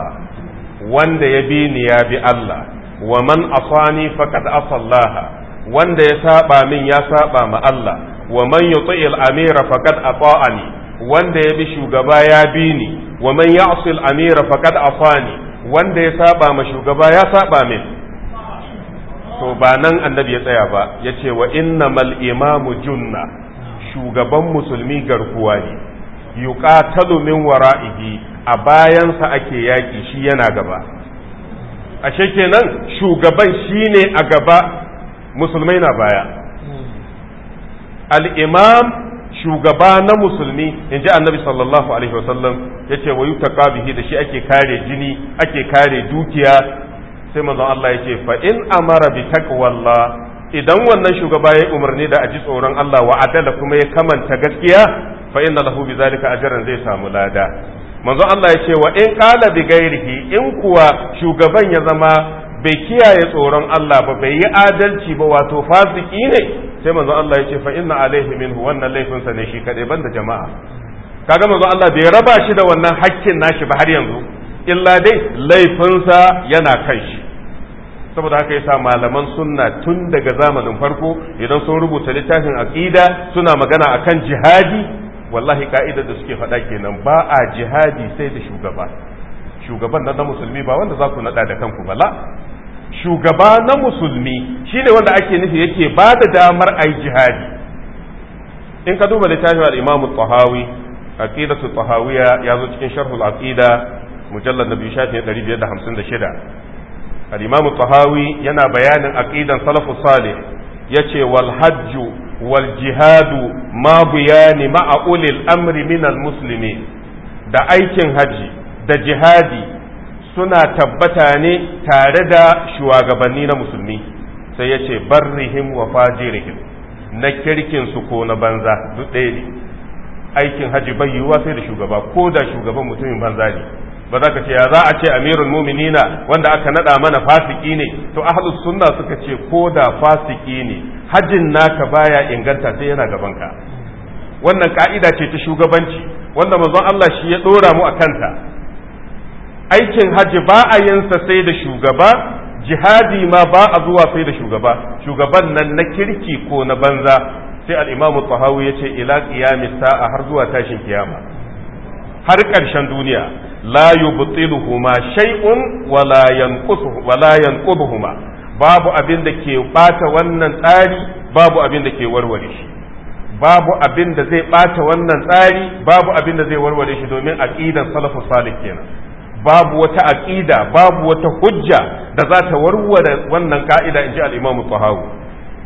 Speaker 1: wanda ya bi ni ya bi Allah wa man asani faqad asallaha wanda ya saba min ya saba ma Allah wa man yuti al-amira faqad ata'ani wanda ya bi shugaba ya bi ni wa man ya'si al-amira faqad afani wanda ya saba ma shugaba ya saba min to ba nan annabi ya tsaya ba yace wa innamal imamu junna shugaban musulmi garkuwa ne yuqatalu min wara'ihi a bayansa ake yaki shi yana gaba ashe kenan shugaban shine a gaba musulmai na baya al shugaba na musulmi in ji annabi sallallahu alaihi wasallam ya ce wa yutaka da shi ake kare jini ake kare dukiya sai manzon Allah ya ce fa in amara bi taqwallah idan wannan shugaba ya umarni da aji tsoron Allah wa adala kuma ya kamanta gaskiya fa inna lahu bi zalika ajran zai samu lada manzon Allah ya ce wa in qala bi ghairihi in kuwa shugaban ya zama bai kiyaye tsoron Allah ba bai yi adalci ba wato fasiki ne sai manzo Allah ya ce fa inna alaihi minhu wannan laifin sa ne shi kadai banda jama'a kaga manzon Allah bai raba shi da wannan hakkin nashi ba har yanzu illa dai laifin sa yana kan shi saboda haka yasa malaman sunna tun daga zamanin farko idan sun rubuta littafin aqida suna magana akan jihadi wallahi ka'idar da suke faɗa kenan ba a jihadi sai da shugaba shugaban na musulmi ba wanda za ku naɗa da kanku bala shugaba na musulmi shi ne wanda ake nufi yake ba da damar a yi jihadi in ka duba littafin Alimamu imamu tahawi su tahawiya ya zo cikin sharhul aqida na biyu shafi da shida. Alimamu tahawi yana bayanin aqidan salafu salih ce wal hajju wal jihadu ma biyani ma'a ulil amri minal musulmi da aikin haji da jihadi suna tabbata ne tare da shugabanni na musulmi sai ya ce barrihim wa fajirihim na kirkin su ko na banza duk ɗaya ne aikin haji bai yiwuwa sai da shugaba ko da shugaban mutumin banza ne ba za ka ce ya za a ce amirul muminina wanda aka nada mana fasiki ne to ahlus sunna suka ce ko da fasiki ne hajin naka baya inganta sai yana gabanka wannan ka'ida ce ta shugabanci wanda manzon Allah shi ya dora mu a kanta aikin hajji ba a yinsa sai da shugaba jihadi ma ba a zuwa sai da shugaba shugaban nan na kirki ko na banza sai al'imamu tsahawu ya ce ila ƙiyamis sa'a har zuwa tashin kiyama har ƙarshen duniya la yubtiluhuma shay'un wala yanqusuhu wala yanquduhuma babu abin da ke bata wannan tsari babu abin da ke warware shi babu abin da zai bata wannan tsari babu abin da zai warware shi domin aqidan salafus salih kenan babu wata aqida babu wata hujja da za ta warware wannan ka'ida in ji al-imam tahawi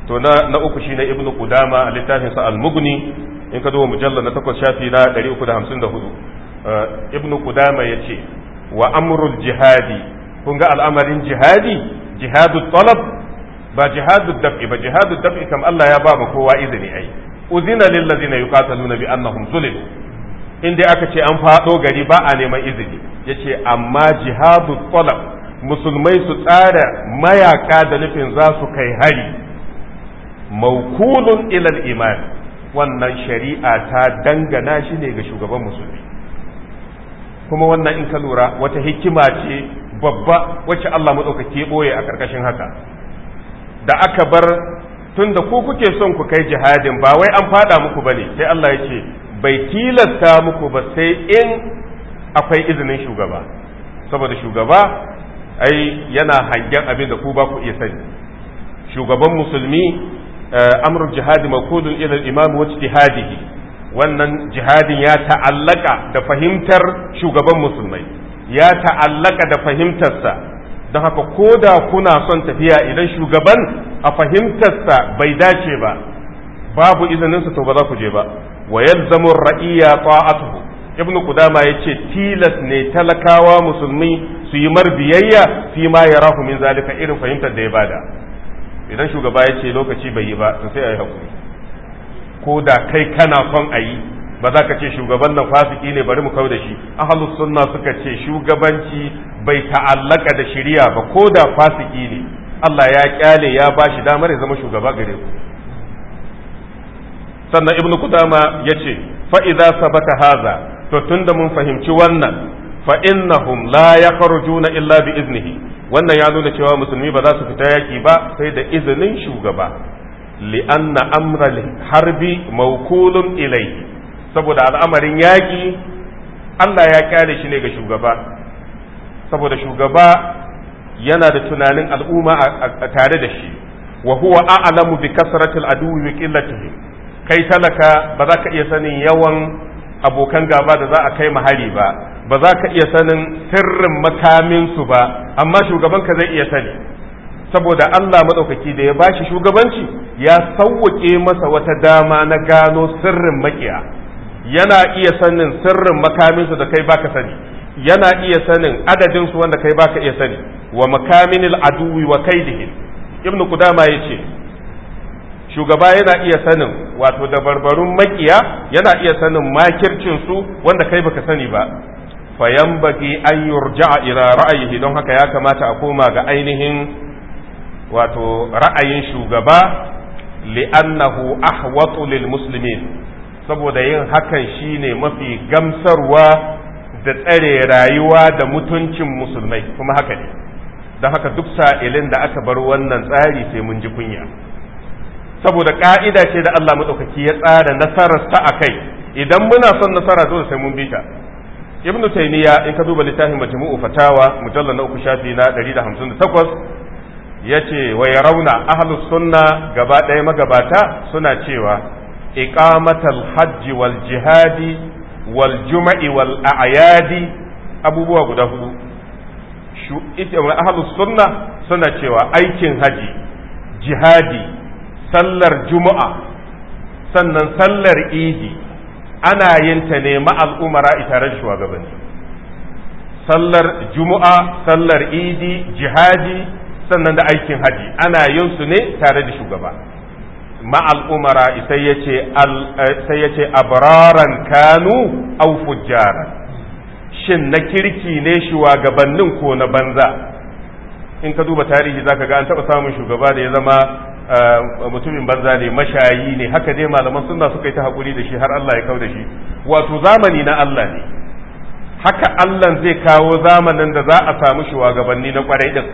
Speaker 1: to na na uku shine ibnu qudama a littafin sa al-mughni in ka duba mujallal na takwas shafi na 354 eh, ibnu qudama yace wa amrul jihadi kun ga al'amarin jihadi jihadu talab ba jihadu dab'i ba jihadu dab'i kam Allah ya ba kowa izini ai uzina lil ladina yuqataluna bi annahum zulimu in dai aka ce an faɗo gari ba a neman izini yace amma jihadu talab musulmai su tsara mayaka da nufin za su kai hari maukulun ilal iman wannan shari'a ta dangana shi ne ga shugaban musulmi kuma wannan in ka lura wata hikima ce babba wacce Allah maɗaukaki ɓoye a ƙarƙashin haka da aka bar tun da ku kuke son ku kai jihadin ba wai an faɗa muku ba ne sai Allah ya ce bai tilasta muku ba sai in akwai izinin shugaba saboda shugaba ai yana hangen abin da ku ba ku iya sani shugaban musulmi eh, amrul jihadi maqudun ila imam wa ijtihadihi wannan jihadin ya ta'allaka da fahimtar shugaban musulmai ya ta'allaka da fahimtarsa don haka ko da kuna son tafiya idan shugaban a fahimtarsa bai dace ba babu izininsa to ba za ku je ba wa yalzamu ra'iya ta'atuhu ibnu ya yace tilas ne talakawa musulmi su yi marbiyayya fi ma yarahu min zalika irin fahimtar da ya bada idan shugaba ya ce lokaci bai yi ba to sai a yi hakuri ko da kai kana son a yi ba za ka ce shugaban nan fasiki ne bari mu kawo da shi ahlus sunna suka ce shugabanci bai ta'allaka da shari'a ba ko da fasiki ne Allah ya kyale ya bashi damar ya zama shugaba gare ku sannan ibn kudama ya ce fa'iza sabata haza to tunda mun fahimci wannan fa'innahum la ya juna illa bi iznihi wannan ya nuna cewa musulmi ba za su fita yaki ba sai da izinin shugaba li'anna amral harbi maukulun ilai saboda al'amarin yaƙi Allah ya kyale shi ne ga shugaba saboda shugaba yana da tunanin al'umma a tare da shi wa huwa a'lamu bi kasratil aduwwi wa qillatihi kai talaka ba za ka iya sanin yawan abokan gaba da za a kai mahari ba ba za ka iya sanin sirrin makaminsu ba amma shugabanka zai iya sani saboda Allah maɗaukaki da ya bashi shugabanci ya sauwaƙe masa wata dama na gano sirrin makiya yana iya sanin sirrin makaminsu da kai baka sani yana iya sanin adadinsu wanda kai baka iya sani wa makaminil aduwi wa kaidihim ibnu kudama yace shugaba yana iya sanin wato dabarbarun makiya yana iya sanin makircinsu wanda kai baka sani ba fayan baki an yurja'a ila ra'ayihi don haka ya kamata a koma ga ainihin wato ra'ayin shugaba li'annahu ahwatu lil muslimin saboda yin hakan shine mafi gamsarwa da tsare rayuwa da mutuncin musulmai kuma haka ne don haka duk sa'ilin da aka bar wannan tsari sai mun ji kunya saboda ka'ida ce da Allah madaukaki ya tsara nasarar ta kai, idan muna son nasara dole sai mun bita. ibn taymiya in ka duba littafin majmu'u fatawa mujallal na uku shafi na 158 yace wa yarawna ahlus sunna gaba ɗaya magabata suna cewa iqamatal hajj wal jihadi wal juma'i wal a'yadi abubuwa guda hudu ahlus sunna suna cewa aikin haji jihadi sallar juma'a sannan sallar idi ana yin ta ne ma'al umara tare shugabanni sallar juma'a sallar idi jihadi sannan da aikin haji ana yin su ne tare da shugaba ma'al umara sai eh, ya ce abraran kanu au fujjaran shin na kirki ne shugabannin ko na banza in ka duba tarihi zaka ga an taɓa samun shugaba da ya zama Eh, mutumin banza ne mashayi ne haka dai malaman sunna suka yi ta hakuri da shi har Allah ya kau da shi wato zamani na Allah ne haka Allah zai kawo zamanin da za a samu shugabanni na kwarai din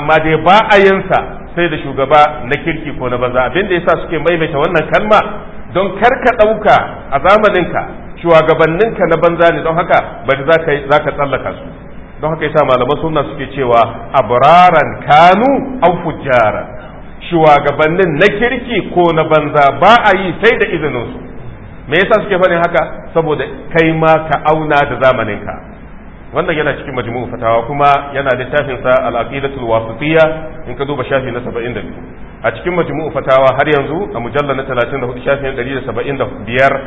Speaker 1: amma dai ba a yinsa sai da shugaba na kirki ko na banza abin da yasa suke maimaita wannan kalma don kar ka ɗauka a shugabannin ka na banza ne don haka bari za ka tsallaka su don haka yasa malaman sunna suke cewa abraran kanu au fujjara shugabannin na kirki ko na banza ba a yi sai da izininsu me yasa suke faɗin haka saboda kai ma ka auna da zamaninka wannan yana cikin majmu'u fatawa kuma yana littafin sa al-aqidatul wasitiyya in ka duba shafi na 72 a cikin majmu'u fatawa har yanzu a mujalla na 34 shafi 175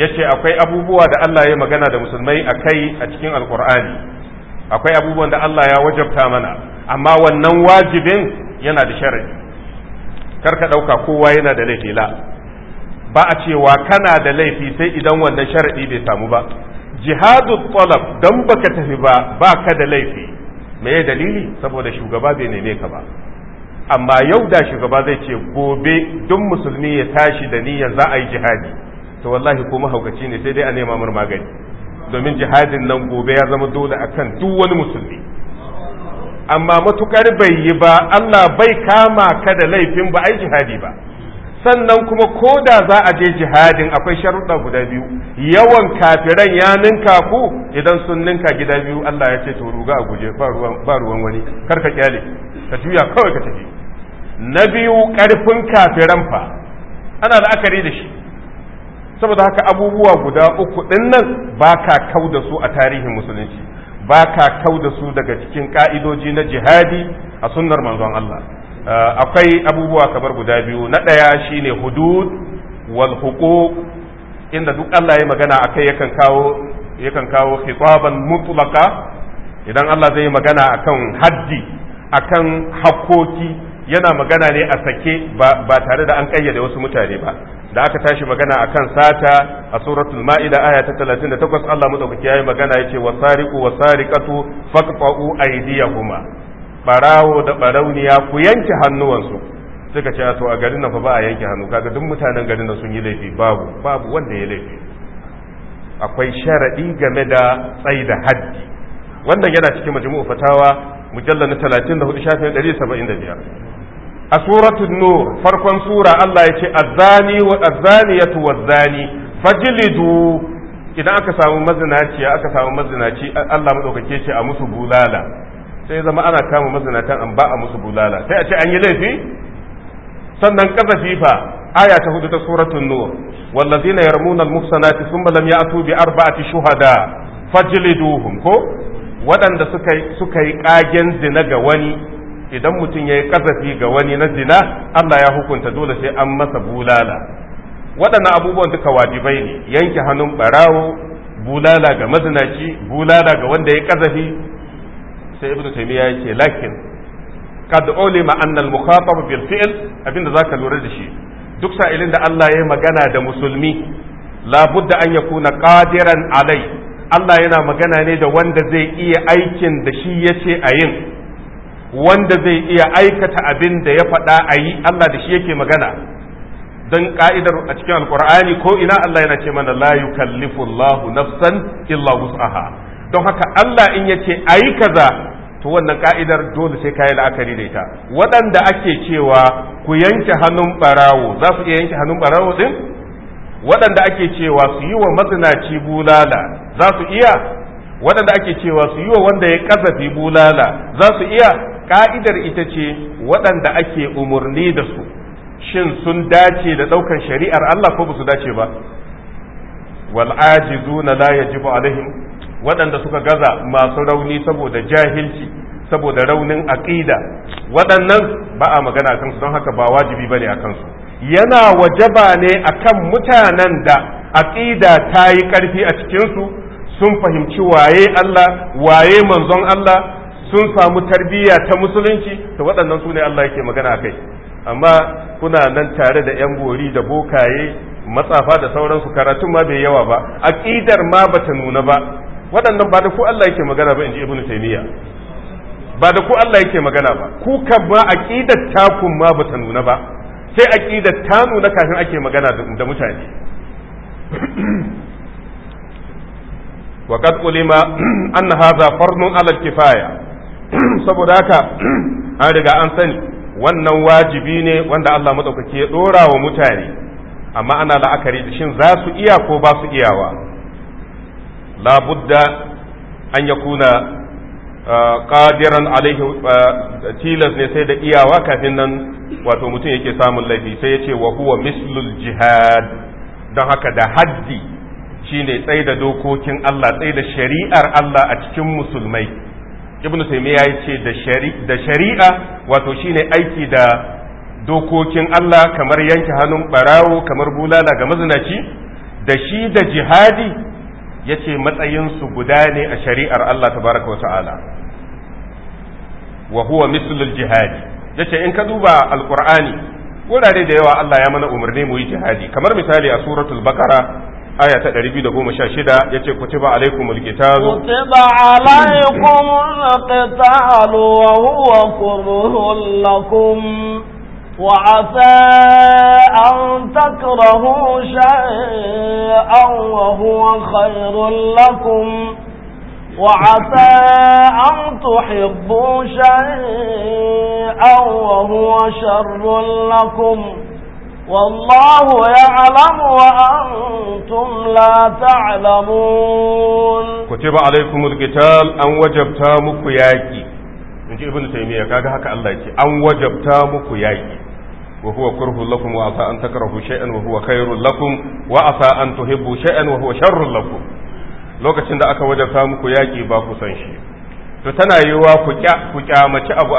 Speaker 1: yace akwai abubuwa da Allah ya magana da musulmai akai a cikin alqur'ani akwai abubuwan da Allah ya wajabta mana amma wannan wajibin yana da sharadi karka ɗauka kowa yana da laifi la ba a cewa kana da laifi sai idan wannan sharaɗi bai samu ba jihadu talab dan baka tafi ba ba ka da laifi me ya dalili saboda shugaba bai neme ka ba amma yau da shugaba zai ce gobe duk musulmi ya tashi da niyyar za a yi jihadi to wallahi ko mahaukaci ne sai dai a nema mur magani domin jihadin nan gobe ya zama dole akan duk wani musulmi amma matukar bai yi ba Allah bai kama ka da laifin ba ai jihadi ba sannan kuma ko da za a je jihadin akwai sharuɗa guda biyu yawan kafiran ya ninka ku idan sun ninka gida biyu Allah ya ce to ruga a guje ba ruwan wani karka kyale ka juya kawai ka tafi na biyu ƙarfin kafiran fa ana la'akari da shi saboda haka abubuwa guda uku ɗin nan ba ka kau da su a tarihin musulunci ba ka kau da su daga cikin ka'idoji na jihadi a sunnar manzon Allah uh, akwai abubuwa kamar guda biyu na ɗaya shine hudud wal huquq inda duk Allah ya magana akai yakan kawo yakan kawo khitaban mutlaqa idan Allah zai magana akan haddi akan hakkoki yana magana ne a sake ba tare da an kayyade wasu mutane ba da aka tashi magana a kan sata a suratul ma'ida aya ta talatin da takwas Allah ya yi magana ya ce wa yace wasariqu wasariqatu faqta'u kuma. barawo da barauniya ku yanke hannuwansu suka ce to a garin nan fa ba a yanke hannu kaga duk mutanen garin nan sun yi laifi babu babu wanda ya laifi akwai sharadi game da da haddi wannan yana cikin majmu'u fatawa mujallal na 34 shafin 175 a suratul nur farkon sura Allah ya ce azzani wa zani wazzani fajlidu idan aka samu mazinaci aka samu mazinaci Allah madaukake ce a musu bulala sai zama ana kama mazinatan an ba a musu bulala sai a ce an yi laifi sannan kazafi fa aya ta hudu ta suratul nur wallazina yarmuna almuhsanati thumma lam ya'tu bi arba'ati shuhada fajliduhum ko waɗanda suka suka yi kagen zina ga wani idan mutum ya yi ƙazafi ga wani na zina Allah ya hukunta dole sai an masa bulala waɗannan abubuwan duka wajibai ne yanke hannun ɓarawo bulala ga mazinaci bulala ga wanda ya ƙazafi? sai ibnu taymiya ce lakin kad ulima anna al-mukhatab bil fi'l abinda zaka lura da shi duk sa'ilin da Allah ya yi magana da musulmi labudda an yakuna qadiran alai Allah yana magana ne da wanda zai iya aikin da shi yace a yin wanda zai iya aikata abin da ya faɗa a yi Allah da shi yake magana don ƙa'idar a cikin alkur'ani ko ina Allah yana ce mana la yukallifu Allahu nafsan illa wus'aha don haka Allah in yace ayi kaza to wannan ka'idar dole sai kayan la'akari da ita waɗanda ake cewa ku yanke hannun barawo za su iya yanke hannun barawo ɗin, waɗanda ake cewa su yi wa mazinaci bulala za su iya waɗanda ake cewa su yi wa wanda ya kasafi bulala za su iya ka'idar ita ce waɗanda ake umarni da su shin sun dace da ɗaukar shari'ar Allah ko ba su dace ba wal ajizuna la yajibu alaihim waɗanda suka gaza masu rauni saboda jahilci saboda raunin aqida waɗannan ba a magana kansu don haka ba wajibi bane a kansu yana wajaba ne akan mutanen da aƙida ta yi ƙarfi a cikinsu sun fahimci waye Allah waye manzon Allah sun samu tarbiyya ta musulunci to waɗannan su ne Allah yake magana kai amma kuna nan tare da yan gori da bokaye matsafa da sauransu karatun ma bai yawa ba aqidar ma bata nuna ba waɗannan ba da ku Allah yake magana ba inji ibnu taymiya ba da ku Allah yake magana ba ku ka ba aqidar takun ma bata nuna ba sai aqidar ta nuna kafin ake magana da mutane وقد علم أن هذا فرن على الكفاية saboda haka an riga an sani wannan wajibi ne wanda Allah madaukaki ya ɗora wa mutane amma ana la'akari da shin za su iya ko ba su iyawa labudda an ya kuna uh, qadiran alaihi uh, tilas ne sai da iyawa kafin nan wato mutum yake samun laifi sai ya ce wa huwa mislul jihad don haka da haddi shine tsaida dokokin Allah tsaida shari'ar Allah a cikin musulmai ibnu taymiya ya ce da shari'a wato shine aiki da dokokin Allah kamar yanke hannun barawo kamar bulala ga mazinaci da shi da jihadi ya ce matsayinsu guda ne a shari'ar Allah tabaraka wa ta'ala wa huwa mislul jihadi ya ce in ka duba al al-qur'ani wurare da yawa Allah ya mana umarni mu yi jihadi kamar misali a suratul baqara aya ta 216 yace kutiba alaikumul qitalu
Speaker 2: kutiba alaikumul qitalu wa huwa kurhun lakum وعسى أن تكرهوا شيئا وهو خير لكم وعسى أن تحبوا شيئا وهو شر لكم والله يعلم وأنتم لا تعلمون
Speaker 1: كتب عليكم القتال أن وجبتا مكياكي ياكي نجي ابن تيمية كاكا هكا الله يكي أن وجبتا مكياكي وهو كره لكم وعسى أن تكرهوا شيئا وهو خير لكم وعسى أن تحبوا شيئا وهو شر لكم لو كتن دا أكا وجبتا مكياكي باكو سنشي فتنا shi to tana yiwuwa ku kyamaci abu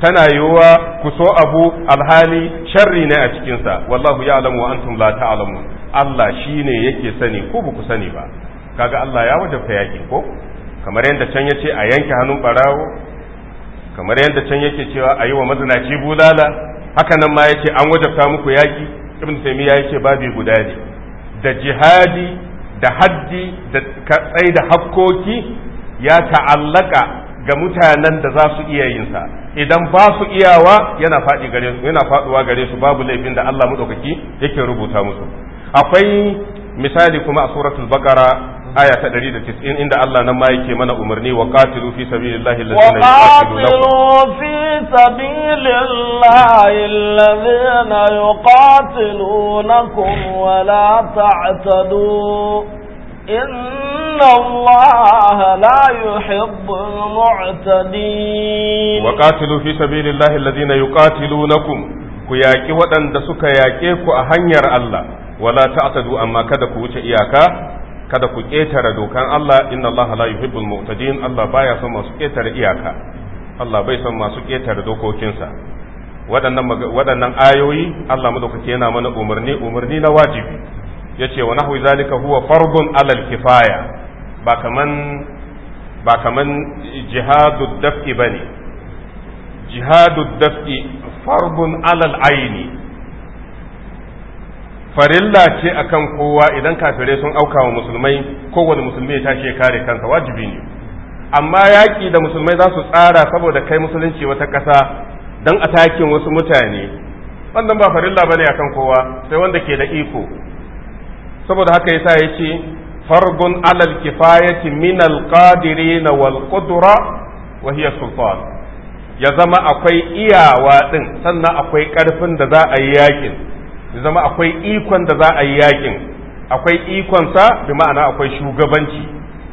Speaker 1: tana yiwuwa ku so abu alhali sharri ne a cikinsa wallahu alamu wa antum la ta'lamu Allah shine yake sani ku ba sani ba kaga Allah ya wajabta yaki ko kamar yadda can yace a yanke hannun barawo kamar yadda can yake cewa a yi wa mazinaci bulala haka nan ma yace an wajabta muku yaki ibn taymiya yace babi guda ne da jihadi da haddi da tsai da hakkoki ya ta'allaka ga mutanen da za su iya yin sa idan ba su iyawa yana faɗi gare su yana faɗuwa gare su babu laifin da Allah madaukaki yake rubuta musu akwai misali kuma a suratul baqara aya ta 190 inda Allah nan ma yake mana umarni wa qatilu fi sabilillahi allazina
Speaker 2: yuqatilunakum fi sabilillahi allazina yuqatilunakum wa la ta'tadu inna Allah la yuhibbu al-mu'tadin wa
Speaker 1: qatilu fi sabilillahi alladhina yuqatilunakum ku yaƙi waɗanda suka yaƙe ku a hanyar Allah wala ta'tadu amma kada ku wuce iyaka kada ku ƙetare dokan Allah inna Allah la yuhibbu al-mu'tadin Allah baya son masu ƙetare iyaka Allah bai son masu ƙetare dokokinsa waɗannan ayoyi Allah madaukake yana mana umarni umarni na wajibi Ya ce wa nahwi zalika huwa fardun alal kifaya ba kaman ba kaman jihadu daf'i bane jihadu daf'i fardun alal aini farilla ce akan kowa idan kafirai sun auka wa musulmai kowane musulmi ya tashi ya kare kansa wajibi ne amma yaƙi da musulmai za su tsara saboda kai musulunci wata ƙasa don a takin wasu mutane wannan ba farilla bane akan kowa sai wanda ke da iko saboda haka yasa ya ce fargun alal kifayati min na wal qudra wa hiya sultan ya zama akwai iyawa din sannan akwai karfin da za a yi yakin ya zama akwai ikon da za a yi yakin akwai ikon sa bi ma'ana akwai shugabanci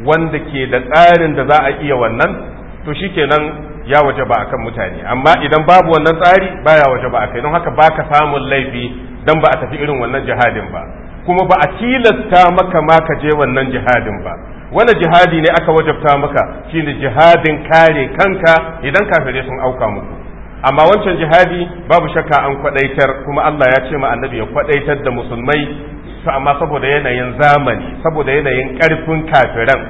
Speaker 1: wanda ke da tsarin da za a iya wannan to shikenan ya waje ba akan mutane amma idan babu wannan tsari baya waje ba akai don haka baka samun laifi dan ba a tafi irin wannan jihadin ba kuma ba a tilasta maka ma ka je wannan jihadin ba wani jihadi ne aka wajabta maka shine jihadin kare kanka idan kafirai sun auka muku amma wancan jihadi babu shakka an kwadaitar kuma Allah ya ce ma annabi ya kwadaitar da musulmai to amma saboda yanayin zamani saboda yanayin karfin kafiran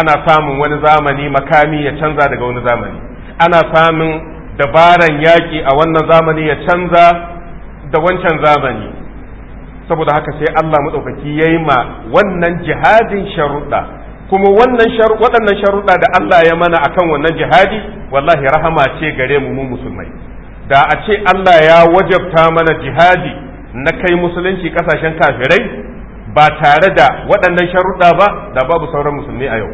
Speaker 1: ana samun wani zamani makami ya canza daga wani zamani ana samun dabaran yaƙi a wannan zamani ya canza da wancan zamani saboda haka sai Allah madaukaki yi ma wannan jihadin sharuɗa kuma wannan waɗannan sharuɗa da Allah ya mana akan wannan jihadi wallahi rahama ce gare mu mu musulmai da a ce Allah ya wajabta mana jihadi na kai musulunci kasashen kafirai ba tare da waɗannan sharuɗa ba da babu sauran musulmi a yau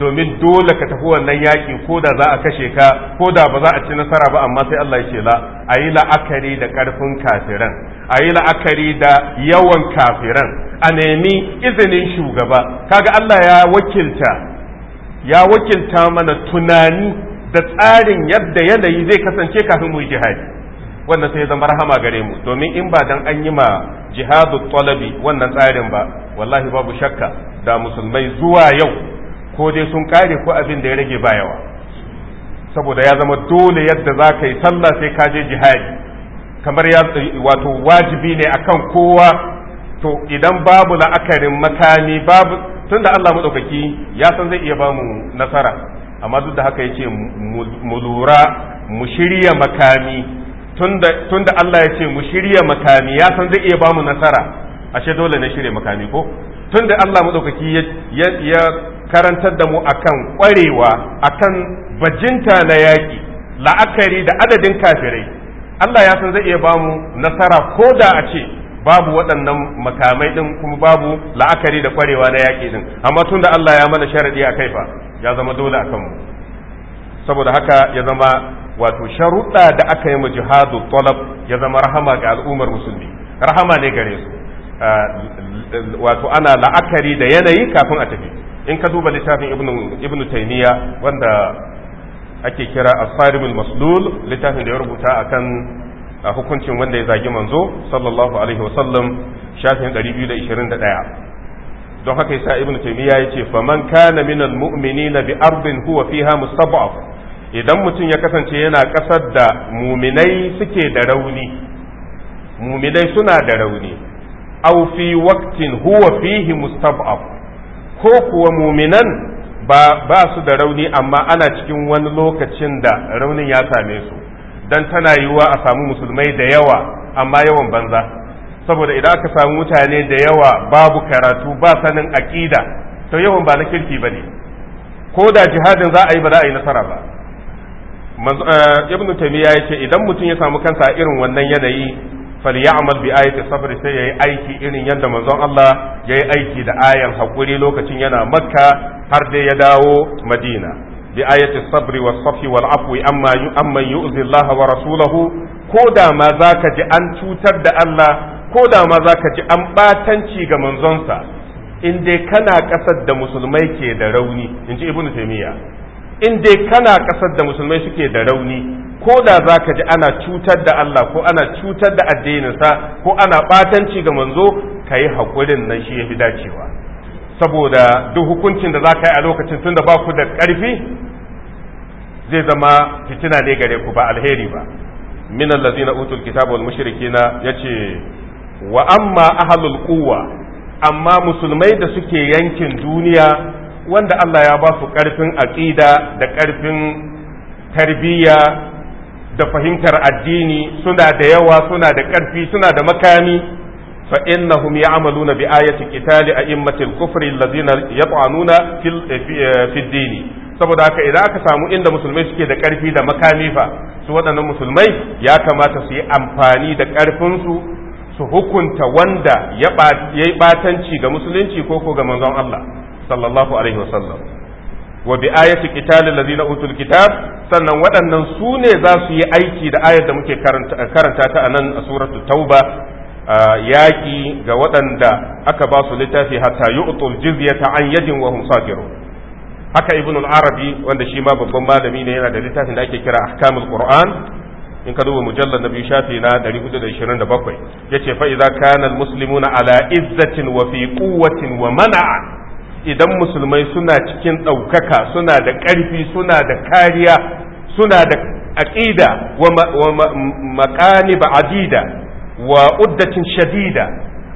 Speaker 1: domin dole ka tafi wannan yaƙi ko da za a kashe ka ko da ba za a ci nasara ba amma sai Allah ya ce la a yi la'akari da ƙarfin kafiran a yi la'akari da yawan kafiran a nemi izinin shugaba kaga Allah ya wakilta ya wakilta mana tunani da tsarin yadda yanayi zai kasance kafin mu yi jihadi wannan sai zama rahama gare mu domin in ba dan an yi ma jihadu talabi wannan tsarin ba wallahi babu shakka da musulmai zuwa yau ko dai sun kare ko abin da ya rage ba yawa saboda ya zama dole yadda za ka yi sallah sai ka je jihadi kamar ya wato wajibi ne akan kowa to idan babu la'akarin makami babu tunda Allah madaukaki ya san zai iya bamu nasara amma duk da haka ce mu lura mu shirya makami tunda Allah ya ce mu shirya makami ya san zai iya bamu nasara ashe dole ne shirya makami ko tunda Allah madaukaki ya karantar da mu akan kwarewa akan bajinta na yaƙi la'akari da adadin kafirai Allah ya san zai iya ba mu nasara ko da a ce babu waɗannan makamai ɗin kuma babu la'akari da kwarewa na yaƙi ɗin amma tun da Allah ya mana sharaɗi a kaifa ya zama dole a kanmu saboda haka ya zama wato sharuɗa da aka yi ma jihadu talab ya zama rahama ga al'ummar musulmi rahama ne gare su ah, wato ana la'akari da yanayi kafin a tafi in ka duba littafin ibnu taimiyya wanda ake kira asarimul maslul littafin da ya rubuta akan a hukuncin wanda ya zagi manzo sallallahu alaihi sallam. shafin 221 don haka yasa ibn taymiya yace faman kana minal mu'minina bi ardin huwa fiha mustad'af idan mutum ya kasance yana kasar da muminai suke da rauni muminai suna da rauni aw fi waqtin huwa fihi mustad'af ko kuwa muminan ba ba su da rauni amma ana cikin wani lokacin da raunin ya same su dan tana yiwuwa a samu musulmai da yawa amma yawan banza saboda idan aka samu mutane da yawa babu karatu ba sanin aƙida to yawan ba na kirki ba ne ko da jihadin za a yi ba za a yi nasara ba eh, ibnu taymiya yake idan mutum ya samu kansa a irin wannan yanayi falyamal bi ayati sabr sai yayi aiki irin yadda manzon Allah ya yi aiki da ayan hakuri lokacin yana makka har dai ya dawo madina bi ayati sabr was safi wal afwi amma amma yu'zi Allah wa rasulahu ko da ma zaka ji an cutar da Allah ko da ma zaka ji an batanci ga manzonsa in dai kana kasar da musulmai ke da rauni in ji ibnu taimiyya. in dai kana ƙasar da musulmai suke da rauni ko da za ka ji ana cutar da Allah ko ana cutar da addininsa ko ana ɓatanci ga manzo ka yi haƙurin nan shi ya fi dacewa saboda duk hukuncin da za ka yi a lokacin tun da ba ku da ƙarfi zai zama fitina ne gare ku ba alheri ba min allazina utul kitaba wal mushrikina yace wa amma ahlul quwwa amma musulmai da suke yankin duniya wanda Allah ya ba su ƙarfin aƙida da ƙarfin tarbiyya da fahimtar addini suna da yawa suna da ƙarfi suna da makami فإنهم يعملون بآية قتال أئمة الكفر الذين يطعنون في في الدين saboda haka idan aka samu inda musulmai suke da ƙarfi da makami fa su waɗannan musulmai ya kamata su yi amfani da ƙarfinsu su hukunta wanda ya yi ɓatanci ga musulunci ko ko ga manzon Allah sallallahu alaihi wasallam wa bi ayati qitalil ladina utul sannan waɗannan su ne za su yi aiki da ayar da muke karanta ta nan a suratul tauba yaƙi ga waɗanda aka ba su littafi hatta yu'tul jizyata an yadin wa hum haka ibn arabi wanda shi ma babban malami ne yana da littafin da ake kira ahkamul qur'an in ka duba mujallar na biyu shafi na 427 yace fa idza kana almuslimuna ala izzatin wa fi quwwatin wa mana'a idan musulmai suna cikin ɗaukaka suna da ƙarfi suna da kariya suna da aƙida wa maƙani adida wa uddacin shadida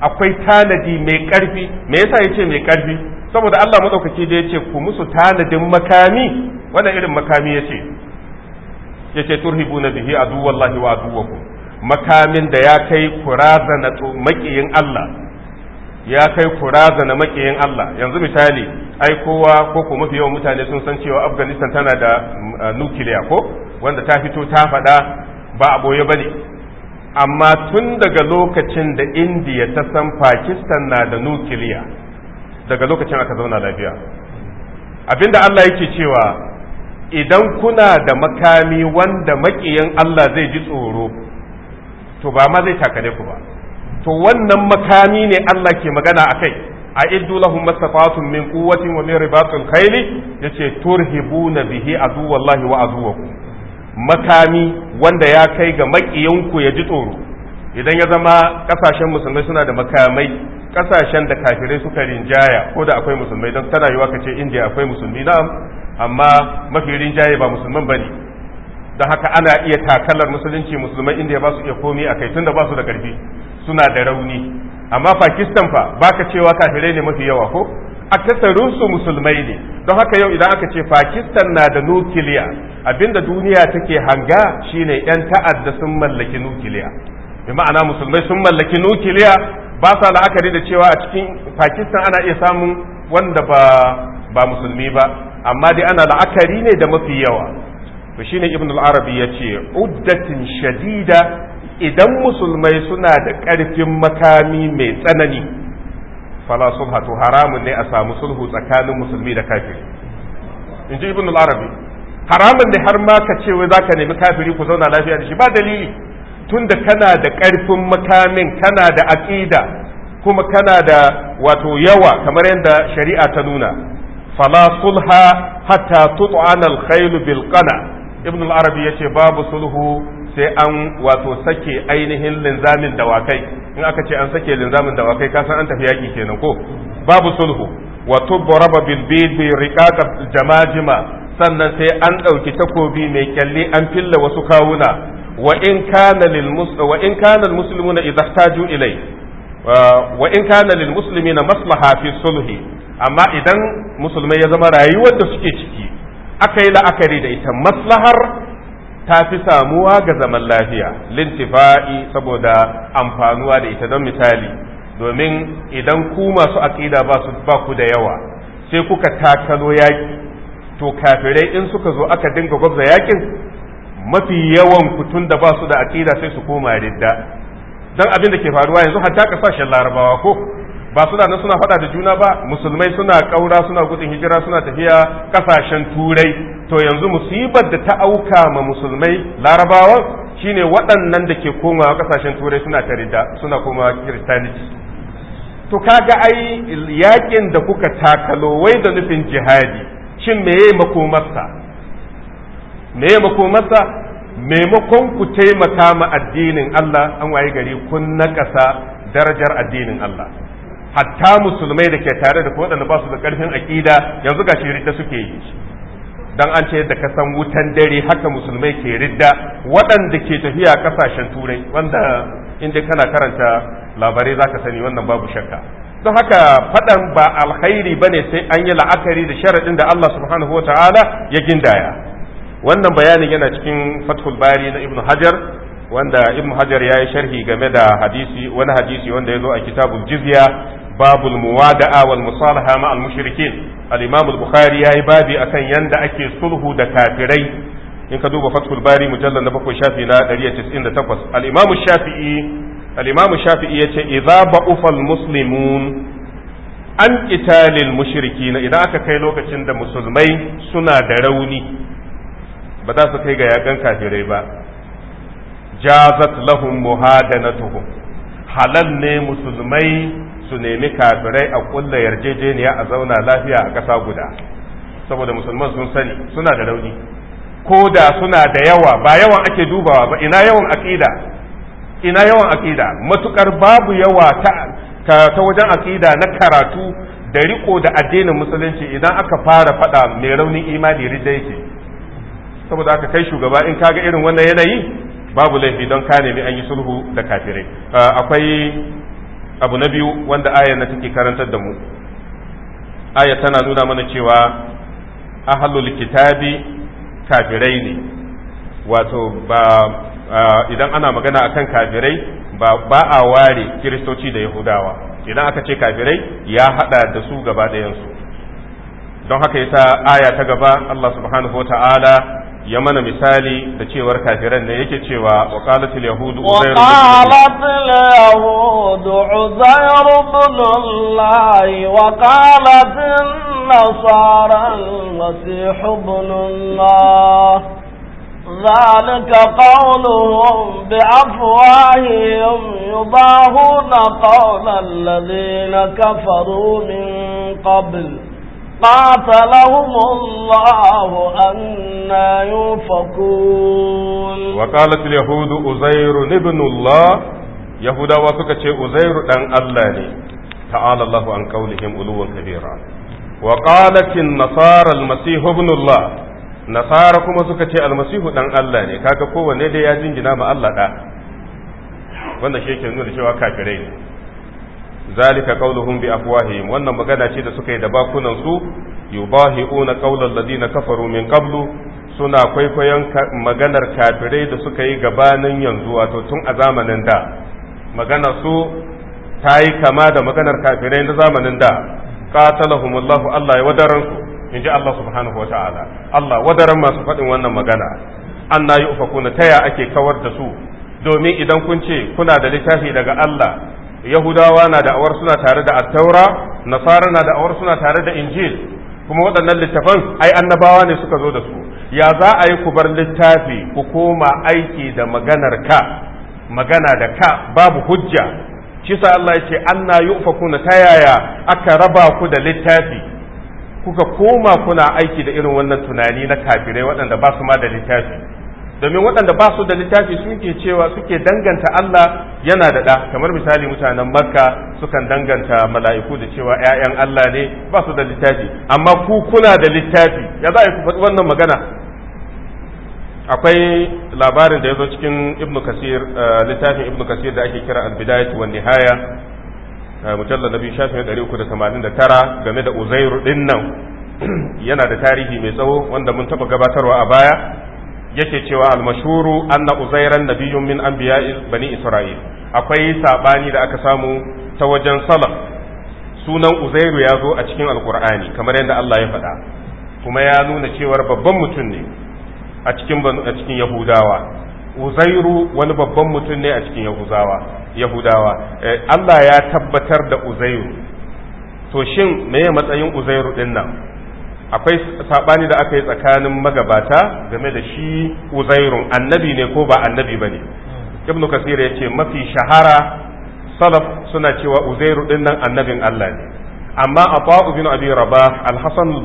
Speaker 1: akwai tanadi mai ƙarfi me yasa ya ce mai ƙarfi saboda Allah maɗaukaki da yace ku musu tanadin makami wannan irin makami ya ce turhi buna bihi aduwallahi wa aduwaku. makamin da ya kai ku razana maƙiyin Allah ya kai kuraza na makiyin Allah yanzu misali ai kowa ko ko mafi yawan mutane sun san cewa Afghanistan tana da uh, nukiliya ko wanda ta fito ta faɗa ba a boye bane amma tun daga lokacin da India ta san Pakistan na da nukiliya daga lokacin aka zauna lafiya abinda Allah yake cewa idan kuna da makami wanda makiyin Allah zai ji tsoro to ba ma zai takale ku ba to wannan makami ne Allah ke magana a kai a iddu lahum mastafatun min quwwatin wa min ribatil khayli yace turhibuna bihi wallahi wa aduwakum makami wanda ya kai ga makiyanku ya ji tsoro idan ya zama kasashen musulmai suna da makamai kasashen da kafirai suka rinjaya ko da akwai musulmai don tana yiwa kace indiya akwai musulmi na'am amma mafi rinjaye ba musulman bane don haka ana iya takalar musulunci musulmai indiya ba su iya komi a kai tunda ba su da karfi suna da rauni amma pakistan fa baka cewa kafirai ne mafi yawa ko su musulmai ne don haka yau idan aka ce pakistan na da nukiliya abinda duniya take hanga shine 'yan ta'adda sun mallaki nukiliya bi ma'ana musulmai sun mallaki nukiliya ba sa la'akari da cewa a cikin pakistan ana iya samun wanda ba ba musulmi ba amma dai ana la'akari ne da mafi yawa to shine ibn al-arabi yace uddatin shadida idan musulmai suna da ƙarfin makami mai tsanani fala sulha to haramun ne a samu sulhu tsakanin musulmi da kafiri in ji ibn al arabi haramun ne har ma ka ce wai zaka nemi kafiri ku zauna lafiya da shi ba dalili tunda kana da ƙarfin makamin kana da aqida kuma kana da wato yawa kamar yadda shari'a ta nuna fala sulha hatta tut'ana al-khayl bil qana ibn al-arabi yace babu sulhu sai an wato sake ainihin linzamin dawakai in aka ce an sake linzamin dawakai ka san an tafi yaki kenan ko babu sulhu wa tubraba bil bid bi riqaqat jamajima sannan sai an ɗauki takobi mai kyalle an filla wasu kawuna wa in kana lil wa in kana al muslimuna wa in kana lil muslimina maslaha fi sulhi amma idan musulmai ya zama rayuwar da suke ciki aka yi la'akari da ita maslahar ta fi samuwa ga zaman lafiya lintifa'i saboda amfanuwa da ita don misali domin idan ku masu aƙida ba su ba ku da yawa sai kuka takalo yaƙi to kafirai in suka zo aka dinga gwabza yaƙin mafi yawan kutun da ba su da aƙida sai su koma ridda don abin da ke faruwa yanzu hatta kasashen larabawa ko ba suna nan suna faɗa da juna ba musulmai suna ƙaura suna gudun hijira suna tafiya ƙasashen turai to yanzu musibar da ta auka ma musulmai larabawan shine waɗannan da ke komawa ƙasashen turai suna tarida suna komawa kiristaniti to kaga ai yakin da kuka takalo wai da nufin jihadi shin me yayi makomarsa yayi makomarsa maimakon ku taimaka ma addinin Allah an waye gari kun naƙasa darajar addinin Allah hatta musulmai da ke tare da waɗanda ba su da ƙarfin aƙida yanzu ga da suke yi dan an ce da kasan wutan dare haka musulmai ke ridda waɗanda ke tafiya kasashen turai wanda inda kana karanta labarai zaka sani wannan babu shakka don haka faɗan ba alkhairi bane sai an yi la'akari da sharaɗin da Allah subhanahu wata'ala ya gindaya wannan bayanin yana cikin fathul bari na ibnu hajar wanda ibn hajar ya yi sharhi game da hadisi wani hadisi wanda ya zo a kitabul jizya babul muwada'a wal musalaha ma'al mushrikin al imam al bukhari ya yi babi akan yanda ake sulhu da kafirai in ka duba fathul bari mujallal na bakwai shafi na 198 al imam shafi'i al imam shafi'i yace idza ba'ufa al muslimun an qitalil mushrikin idan aka kai lokacin da musulmai suna da rauni ba za su kai ga yakan kafirai ba jazat lahum muhadanatuhum halal ne musulmai su nemi kafirai a kulla yarjejeniya a zauna lafiya a ƙasa guda saboda musulman sun sani suna da rauni ko da suna da yawa ba yawan ake dubawa ba ina yawan aqida ina yawan aqida matukar babu yawa ta ta, wajen aƙida na karatu da riko da addinin musulunci idan aka fara faɗa mai raunin imani ridda ke. saboda aka kai shugaba in kaga irin wannan yanayi babu laifi don ka nemi an yi sulhu da kafirai uh, akwai abu na biyu wanda ayar na take karantar da mu aya tana nuna mana cewa ahlul kitabi kafirai ne wato ba uh, idan ana magana akan kafirai ba a ware kiristoci da yahudawa idan aka ce kafirai ya hada da su gaba ɗayansu don haka yasa aya ta gaba Allah subhanahu wa ta'ala ya mana misali da cewar kafiran ne yake cewa wa qalatil yahud uzair qalatil
Speaker 2: yahud uzair ibn allah wa qalatil nasara al-masih ibn allah ذلك قولهم بأفواههم يضاهون قول الذين كفروا من قبل قاتلهم الله أنا يوفكون
Speaker 1: وقالت اليهود أزير ابن الله يهودا وسكة أزير أن الله تعالى الله عن قولهم ألوا كبيرا وقالت النصارى المسيح ابن الله نصارى كما سكة المسيح أن الله كاكا قوة نيدي يا جنجنا ما الله da wanda shi yake nuna cewa kafirai ne zalika qauluhum bi afwahihim wannan magana ce da suka yi da bakunan su yubahiuna qaulal ladina kafaru min qablu suna kwaikwayon maganar kafirai da suka yi gabanin yanzu wato tun a zamanin da magana su ta yi kama da maganar kafirai na zamanin da qatalahumullahu Allah ya wadaran su inji Allah subhanahu wa ta'ala Allah wadaran masu faɗin wannan magana anna yufakuna taya ake kawar da su domin idan kun ce kuna da littafi daga Allah yahudawa na da'awar suna tare da attaura nasara na da'awar suna tare da injil kuma waɗannan littafan ai annabawa ne suka zo da su ya za a yi ku bar littafi ku koma aiki da maganar ka magana da ka babu hujja shi sa Allah ya ce anna yufakuna ta yaya aka raba ku da littafi kuka koma kuna aiki da irin wannan tunani na kafirai waɗanda ba su ma da littafi domin waɗanda ba su da littafi suke cewa suke danganta Allah yana da ɗa kamar misali mutanen makka sukan danganta mala'iku da cewa ‘ya'yan Allah ne ba su da littafi amma ku kuna da littafi ya za a yi ku faɗi wannan magana akwai labarin da ya zo cikin ibnu kasir eh, littafin ibnu kasir da ake kira al albidayat wa nihaya mujallal nabi shafin 389 game da uzairu dinnan yana da tarihi mai tsawo wanda mun taɓa gabatarwa a baya yake cewa almashuru anna uzairan nabiyyun min an anbiya'i bani isra'il akwai saɓani da aka samu ta wajen salaf sunan uzairu ya zo a cikin alqur'ani kamar yadda Allah ya faɗa kuma ya nuna cewar babban mutum ne a cikin yahudawa uzairu wani babban mutum ne a cikin yahudawa yahudawa eh, Allah ya tabbatar da uzairu to shin meye matsayin uzairu din nan akwai saɓani da aka yi tsakanin magabata game da shi uzairun annabi ne ko ba annabi bane ibnu kasir ya ce mafi shahara salaf suna cewa uzairu din nan annabin Allah ne amma abu bin abi rabah al-hasan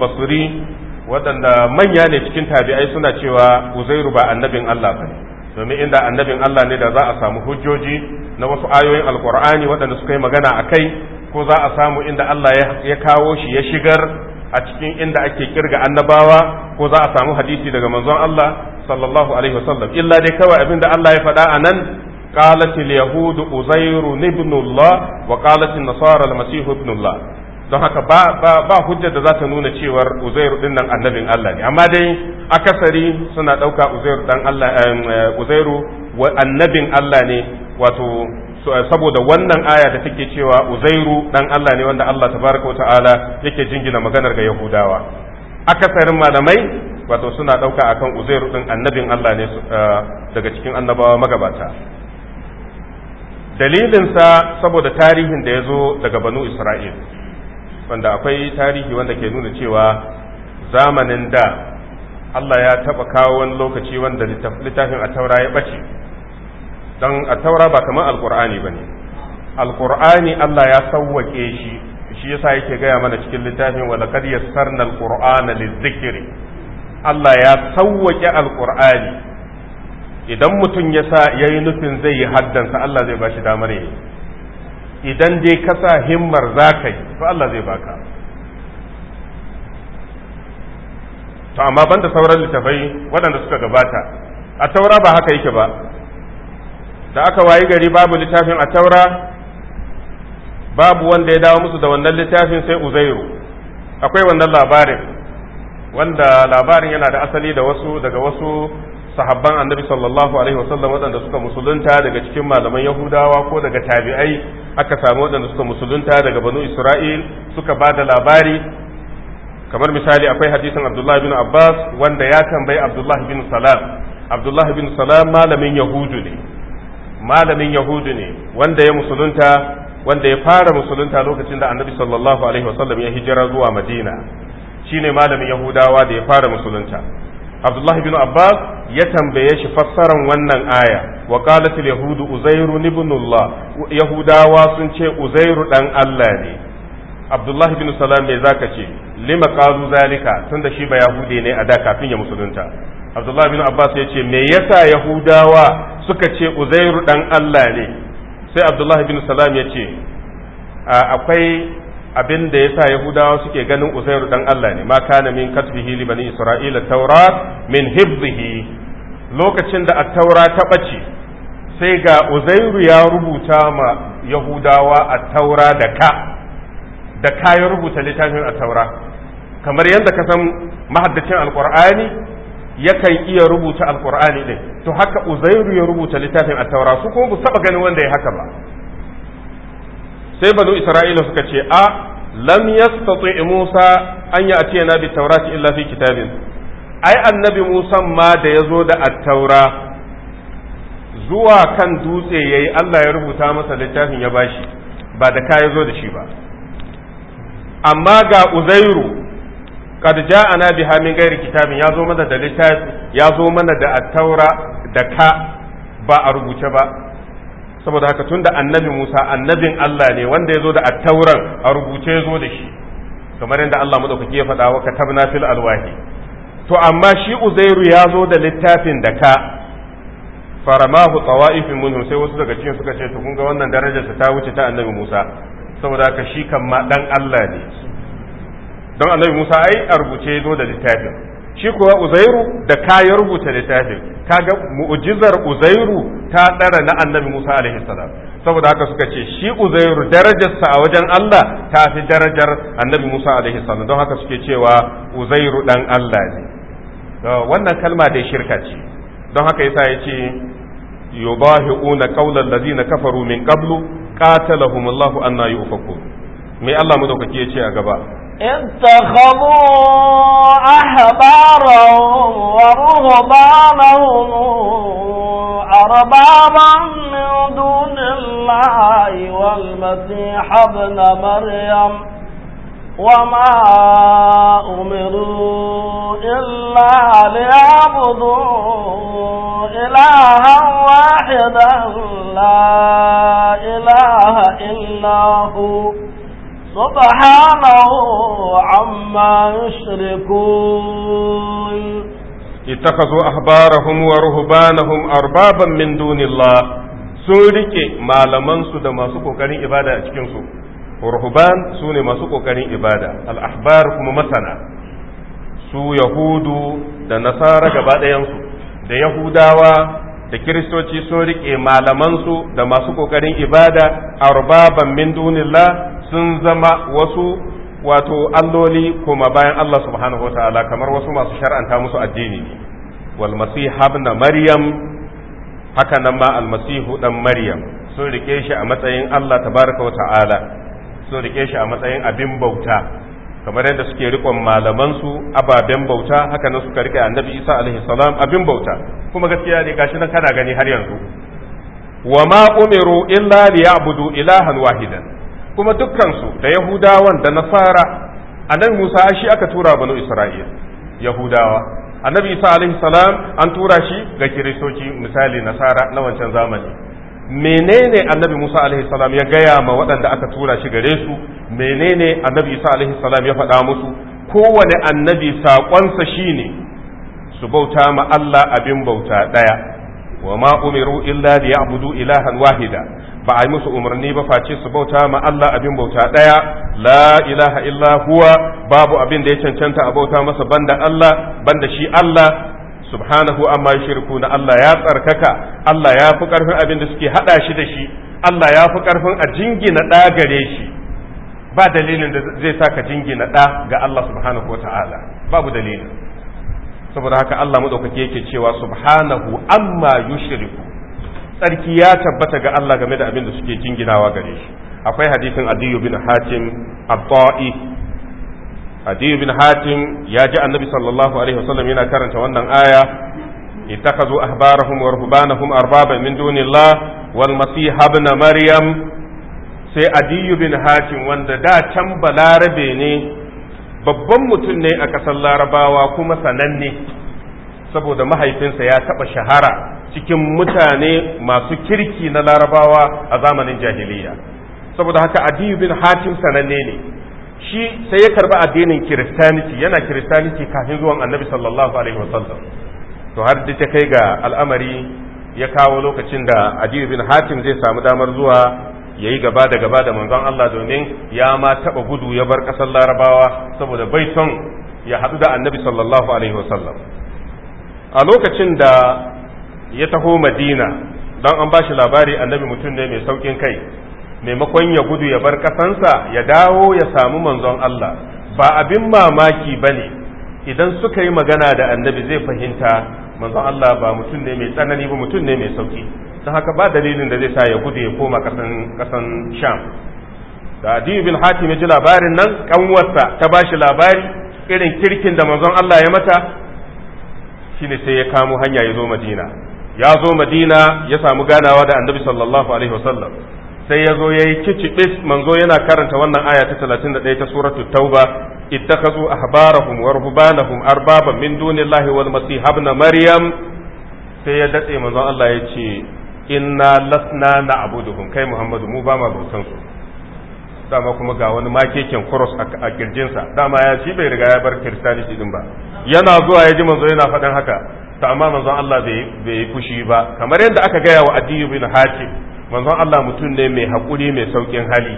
Speaker 1: waɗanda manya ne cikin tabi'ai suna cewa uzairu ba annabin Allah bane domin inda annabin Allah ne da za a samu hujjoji na wasu ayoyin alkur'ani waɗanda suka yi magana a kai ko za a samu inda Allah ya kawo shi ya shigar a cikin inda ake kirga annabawa ko za a samu hadisi daga manzon Allah sallallahu alaihi wasallam illa dai kawai abinda Allah ya faɗa anan nan قالت اليهود أزير ابن الله وقالت النصارى المسيح ابن الله don haka ba ba ba hujjar da za ta nuna cewar Uzair dinnan annabin Allah ne amma dai akasari suna ɗauka Uzair dan Allah eh, Uzairu annabin Allah ne wato saboda wannan aya da take cewa uzairu dan Allah ne wanda Allah tabaraka ta'ala yake jingina maganar ga yahudawa akasarin malamai wato suna dauka akan uzairu din annabin Allah ne uh, daga cikin annabawa magabata dalilinsa saboda tarihin da ya zo daga banu isra'il wanda akwai tarihi wanda ke nuna cewa zamanin da Allah ya taɓa kawo wani lokaci wanda littafin a taura ya bace don a taura ba kamar alkur'ani ba ne alkur'ani Allah ya sauwake shi shi yasa yake gaya mana cikin littafin wa laqad yassarna alqur'ana lizikri Allah ya sauwaƙe alkur'ani idan mutum ya sa yayi nufin zai yi haddansa Allah zai bashi damar yayi idan dai ka sa himmar zakai yi to Allah zai baka to amma banda sauran littafai waɗanda suka gabata a taura ba haka yake ba da aka wayi gari babu littafin a taura babu wanda ya dawo musu da wannan littafin sai uzairu akwai wannan labarin wanda labarin yana da asali da wasu daga wasu sahabban annabi sallallahu alaihi wasallam waɗanda suka musulunta daga cikin malaman yahudawa ko daga tabi'ai aka samu waɗanda suka musulunta daga banu isra'il suka ba da labari kamar misali akwai hadisin abdullahi bin abbas wanda ya tambayi abdullahi bin salam abdullahi bin salam malamin yahudu ne malamin yahudu ne wanda ya musulunta wanda ya fara musulunta lokacin da annabi sallallahu alaihi wasallam ya hijira zuwa madina shine malamin yahudawa da ya fara musulunta abdullahi bin abbas ya tambaye shi fassaran wannan aya wa qalat al yahudu uzairu ibnullah yahudawa sun ce uzairu dan allah ne abdullahi bin salam me zaka ce lima qalu zalika tunda shi ba yahudi ne a da kafin ya musulunta abdullahi bin abbas ya ce me yasa yahudawa suka ce uzairu dan allah ne sai abdullahi bin salam ya ce akwai abin da yasa yahudawa suke ganin uzairu dan allah ne ma kana min katbihi li bani isra'ila taura min hibzihi lokacin da at-taura ta bace sai ga uzairu ya rubuta ma yahudawa a taura da ka da ka ya rubuta littafin a taura kamar yadda ka san mahaddacin alqur'ani yakan iya rubuta alkur'ani ne to haka uzairu ya rubuta littafin attaura su kuma saba ganin wanda ya haka ba sai banu isra'ila suka ce a lam yastati musa an ya'tiyana bi taurati illa fi kitabin ai annabi musa ma da yazo da attaura zuwa kan dutse yayi Allah ya rubuta masa littafin ya bashi ba da ka yazo da shi ba amma ga uzairu qad ana bi min gairi kitabin yazo mana da littafi yazo mana da at-taura da ka ba a rubuce ba saboda haka tun da annabi Musa annabin Allah ne wanda yazo da at-tauran a rubuce yazo da shi kamar yadda Allah madaukaki ya faɗa wa katabna fil alwahi to amma shi Uzairu ya zo da littafin da ka faramahu tawa'ifin minhum sai wasu daga cikin suka ce to kun ga wannan darajar ta wuce ta annabi Musa saboda haka shi kan ma dan Allah ne don annabi Musa ai a rubuce zo da littafin shi kuwa Uzairu da ka ya rubuta littafin kaga mu'jizar Uzairu ta ɗara na annabi Musa alaihi salam saboda haka suka ce shi Uzairu darajarsa a wajen Allah ta fi darajar annabi Musa alaihi salam don haka suke cewa Uzairu dan Allah ne wannan kalma dai shirka ce don haka yasa yace yubahi'una qawla allazina kafaru min qablu qatalahumullahu anna yufakku me Allah madaukaki ce a gaba
Speaker 2: اتخذوا أحبارهم ورهبانهم أربابا من دون الله والمسيح ابن مريم وما أمروا إلا ليعبدوا إلها واحدا لا إله إلا هو سبحانه عما يشركون
Speaker 1: اتخذوا أحبارهم ورهبانهم أربابا من دون الله sun rike malamansu da masu ƙoƙarin ibada a cikinsu ruhban su masu ƙoƙarin ibada al'ahbar kuma masana su yahudu da nasara gaba ɗayansu da yahudawa da kiristoci sun riƙe malamansu da masu kokarin ibada arbaban min dunillah sun zama wasu wato alloli kuma bayan Allah subhanahu wataala kamar wasu masu shar'anta musu addini ne wal ibn maryam haka nan ma al masihu dan maryam sun rike shi a matsayin Allah tabaraka wataala sun rike shi a matsayin abin bauta kamar yadda suke rikon malamansu ababen bauta haka nan suka rike annabi isa alaihi salam abin bauta kuma gaskiya ne gashi nan kana gani har yanzu wa ma umiru illa liya'budu ilahan wahidan kuma dukkansu da yahudawan da nasara annabi musa shi aka tura banu isra'il yahudawa annabi isa alaihi salam an tura shi ga kiristoci misali nasara na wancan zamani menene annabi Musa alaihi salam ya gaya ma waɗanda aka tura shi gare su menene annabi Isa alaihi salam ya faɗa musu kowane annabi saƙonsa shine su bauta ma Allah abin bauta ɗaya wa ma umiru illa li ya'budu ilahan wahida ba a yi musu umarni ba face su bauta ma Allah abin bauta ɗaya, la ilaha illa huwa babu abin da ya cancanta a bauta masa banda Allah banda shi Allah subhanahu amma shirku na Allah ya tsarkaka Allah ya fi karfin abin da suke hada shi da shi Allah ya fi karfin a jingina ɗa gare shi ba dalilin da zai sa ka jingina ɗa ga Allah subhanahu wa ta'ala babu dalilin saboda haka Allah madaukake yake cewa subhanahu amma yushriku tsarki ya tabbata ga Allah game da abin da suke jinginawa gare shi akwai hadisin adiyu bin hatim abba'i adi bin hatim ya ji annabi sallallahu alaihi wasallam yana karanta wannan aya ittakhadhu ahbarahum wa ruhbanahum arbaba min dunillah wal ibn maryam sai Adiyu bin hatim wanda da can Larabe ne babban mutum ne a kasar larabawa kuma sananne saboda mahaifinsa ya taɓa shahara cikin mutane masu kirki na larabawa a zamanin jahiliya saboda haka Adiyu bin hatim sananne ne shi sai ya karba addinin kiristaniti yana kiristaniti kafin zuwan annabi sallallahu alaihi wasallam to har da ta kai ga al'amari ya kawo lokacin da adiyu bin hatim zai samu damar zuwa ya yi gaba da gaba da manzon Allah domin ya ma taba gudu ya bar ƙasar larabawa saboda bai son ya haɗu da annabi sallallahu alaihi wasallam a lokacin da ya taho madina don an ba shi labari annabi mutum ne mai saukin kai maimakon ya gudu ya bar kasansa ya dawo ya samu manzon Allah ba abin mamaki ba ne idan suka yi magana da annabi zai fahimta manzon Allah ba mutum ne mai tsanani ba mutum ne mai sauki don haka ba dalilin da zai sa ya gudu ya koma kasan sham da adiyu bin hatim ya ji labarin nan kanwarsa ta bashi labari irin kirkin da manzon Allah ya mata shine sai ya kamo hanya ya zo madina ya zo madina ya samu ganawa da annabi sallallahu alaihi wasallam sai ya zo ya yi kicibis manzo yana karanta wannan aya ta talatin da ɗaya ta suratu tauba ittakhadhu ahbarahum wa ruhbanahum arbaba min dunillahi wal masih ibn maryam sai ya datse manzo Allah ya ce inna lasna na'buduhum kai muhammadu mu ba ma bautan su dama kuma ga wani makekin cross a kirjinsa dama ya shi bai riga ya bar kristaniti din ba yana zuwa ya ji manzo yana faɗin haka ta amma manzo Allah bai yi fushi ba kamar yadda aka gaya wa addini bin hatim manzon Allah mutum ne mai haƙuri mai sauƙin hali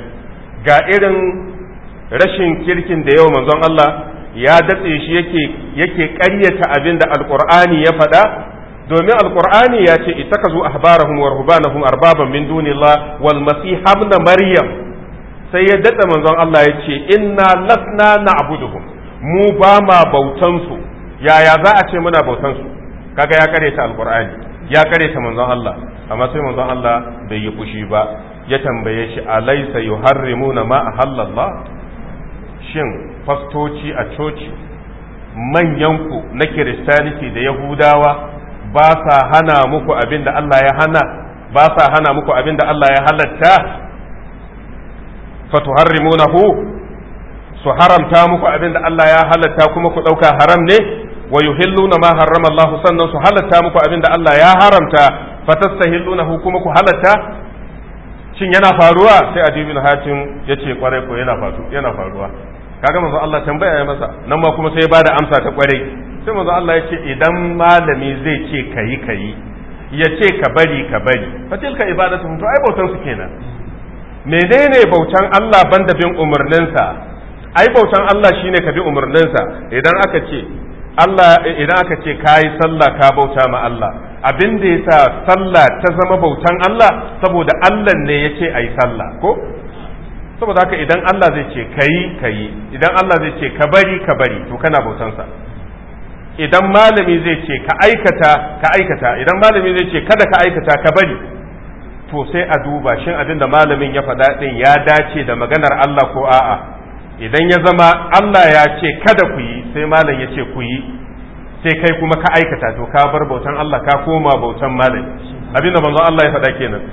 Speaker 1: ga irin rashin kirkin da yau manzon Allah ya datse shi yake yake ƙaryata abin da alƙur'ani ya faɗa domin alƙur'ani ya ce itakazu ahbarahum wa ruhbanahum arbaban min dunillah wal masih ibn maryam sai ya datse manzon Allah ya ce inna lasna na'buduhum mu ba ma bautan su yaya za a ce muna bautan su kaga ya ƙaryata alƙur'ani ya ƙaryata manzon Allah amma sai manzon Allah bai yi fushi ba ya tambaye shi alaysa yuharrimuna ma ahallallah shin fastoci a coci manyanku na kiristaniti da yahudawa ba sa hana muku abin da Allah ya hana ba sa hana muku abin da Allah ya halatta fatuharrimunahu su haramta muku abin da Allah ya halatta kuma ku ɗauka haram ne wa yuhilluna ma harrama Allah sannan su halatta muku abin da Allah ya haramta fatastahillunahu kuma ku halatta shin yana faruwa sai adi bin hatim yace kwarai ko yana faru yana faruwa kaga manzo Allah tambaya ya masa nan ma kuma sai ya bada amsa ta kwarai sai manzo Allah yace idan malami zai ce kayi kayi ya ce ka bari ka bari tilka ibadatu to ai bautan su kenan menene bautan Allah banda bin umarninsa ai bautan Allah shine ka bi umarninsa idan aka ce Allah idan aka ce ka yi sallah ka bauta ma Allah abin da ya sa sallah ta zama bautan Allah saboda Allah ne ya ce a yi sallah ko saboda haka idan Allah zai ce ka yi ka yi idan Allah zai ce ka bari ka bari to kana bautansa idan malami zai ce ka aikata ka aikata idan malami zai ce kada ka aikata ka bari to sai a duba shin abin da malamin ya faɗa ɗin ya dace da maganar Allah ko a'a idan ya zama Allah ya ce kada ku yi sai malam ya ce ku yi sai kai kuma ka aikata to ka bar bautan Allah ka koma bautan malam abin da manzon Allah ya faɗa kenan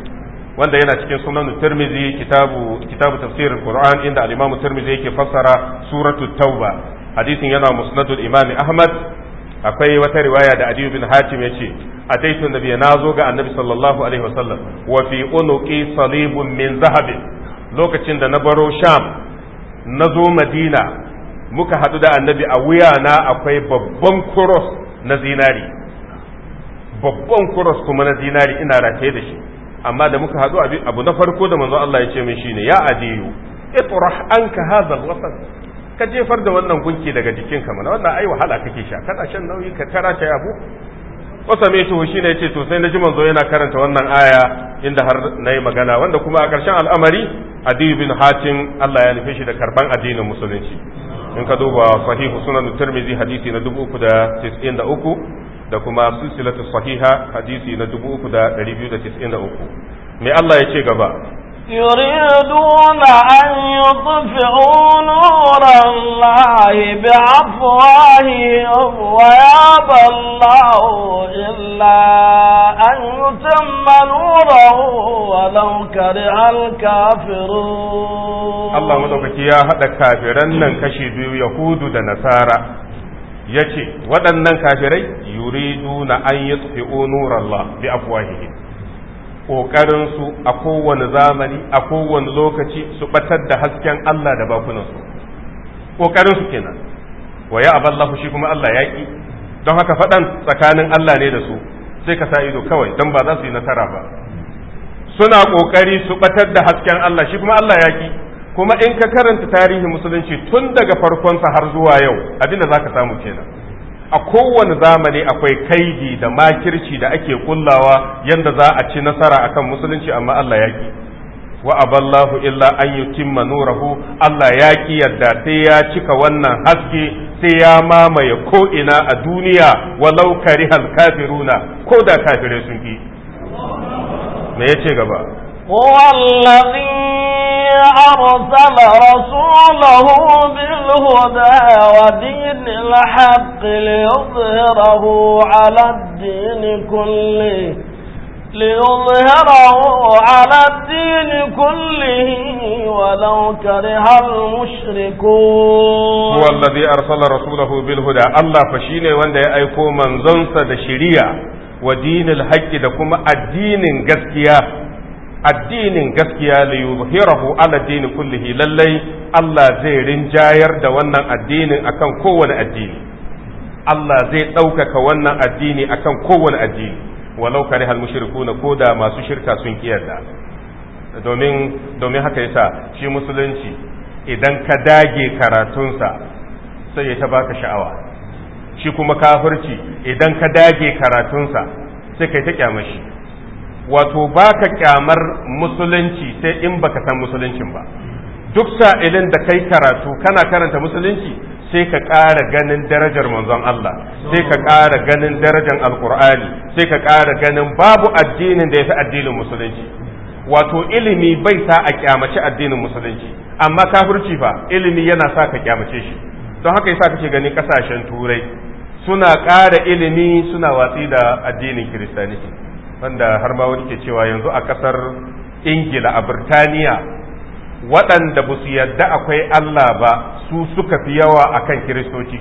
Speaker 1: wanda yana cikin sunan Tirmidhi kitabu kitabu tafsir Qur'an inda al-Imam Tirmidhi yake fassara suratul Tauba hadisin yana musnadul Imam Ahmad akwai wata riwaya da Adiyu bin Hatim yace ataitu nabiyya nazo ga annabi sallallahu alaihi wasallam wa fi unuqi salibun min zahabin lokacin da na baro Sham na zo madina muka haɗu da annabi a wuya na akwai babban kuros na zinari babban kuros kuma na zinari ina rataye da shi amma da muka haɗu abu na farko da manzo Allah ya ce min shine ya adiyu itrah anka hadha alwasan ka jefar da wannan gunki daga jikinka mana wannan ai wahala kake sha kana shan nauyi ka tara ta yabo? wasamitu shi ne yace sosai na ji zo yana karanta wannan aya inda har na yi magana wanda kuma a ƙarshen al'amari Adi bin Hatim Allah ya nufe shi da karban addinin musulunci in ka duba sahihu sunan turmizi hadisi na 393 da kuma silsilatu sahiha hadisi na 3293 me Allah ya ce gaba
Speaker 2: يريدون أن يطفعوا نور الله بأفواههم ويابى الله إلا أن يتم نوره ولو كره الكافرون
Speaker 1: الله مدوكتي يا هذا كافرن نن كشي يهود دا نصارى yace waɗannan kafirai yuriduna an yutfi'u nurallah bi afwahihim ƙoƙarinsu a kowane zamani a kowane lokaci su ɓatar da hasken Allah da bakunansu ƙoƙarinsu kenan wa ya aballahu shi kuma Allah ya ƙi don haka faɗan tsakanin Allah ne da su sai ka sa ido kawai don ba za su yi nasara ba suna ƙoƙari su ɓatar da hasken Allah shi kuma Allah ya ƙi kuma in ka karanta tarihin musulunci tun daga farkonsa har zuwa yau abinda za ka samu kenan a kowane zamani akwai kaidi da makirci da ake kullawa yadda za a ci nasara akan musulunci amma Allah ya ki wa aballahu illa an yutimma nurahu Allah ya ki yadda sai ya cika wannan haske sai ya mamaye ko ina a duniya walau karihal kafiruna ko da kafirai sun ki me yace gaba
Speaker 2: wallahi أرسل رسوله بالهدى ودين الحق ليظهره على الدين كله ليظهره على الدين كله ولو كره المشركون هو الذي
Speaker 1: أرسل رسوله بالهدى الله فشيني ايكو من منزنسة دشريع ودين الحق دكما الدين قسكيا addinin gaskiya li yuzhirahu ala dini kullihi lallai Allah zai rinjayar da wannan addinin akan kowane addini Allah zai ɗaukaka wannan addini akan kowane addini walau kare hal mushrikuna ko da masu shirka sun kiyarda domin domin haka yasa shi musulunci idan ka dage karatunsa sai ya ta baka sha'awa shi kuma kafirci idan ka dage karatunsa sai kai ta kyamashi wato baka kyamar musulunci sai in ba ka san musuluncin ba duk sa'ilin da kai karatu kana karanta musulunci sai ka ƙara ganin darajar manzon Allah sai ka ƙara ganin darajar alkur'ani sai ka ƙara ganin babu addinin da ya fi addinin musulunci wato ilimi bai sa a kyamace addinin musulunci amma kafirci fa ilimi yana sa ka kyamace shi don haka yasa kake gani kasashen turai suna ƙara ilimi suna watsi da addinin kiristaniti wanda har ma wani ke cewa yanzu a ƙasar ingila a birtaniya waɗanda ba su yadda akwai allah ba su suka fi yawa a kan kiristoci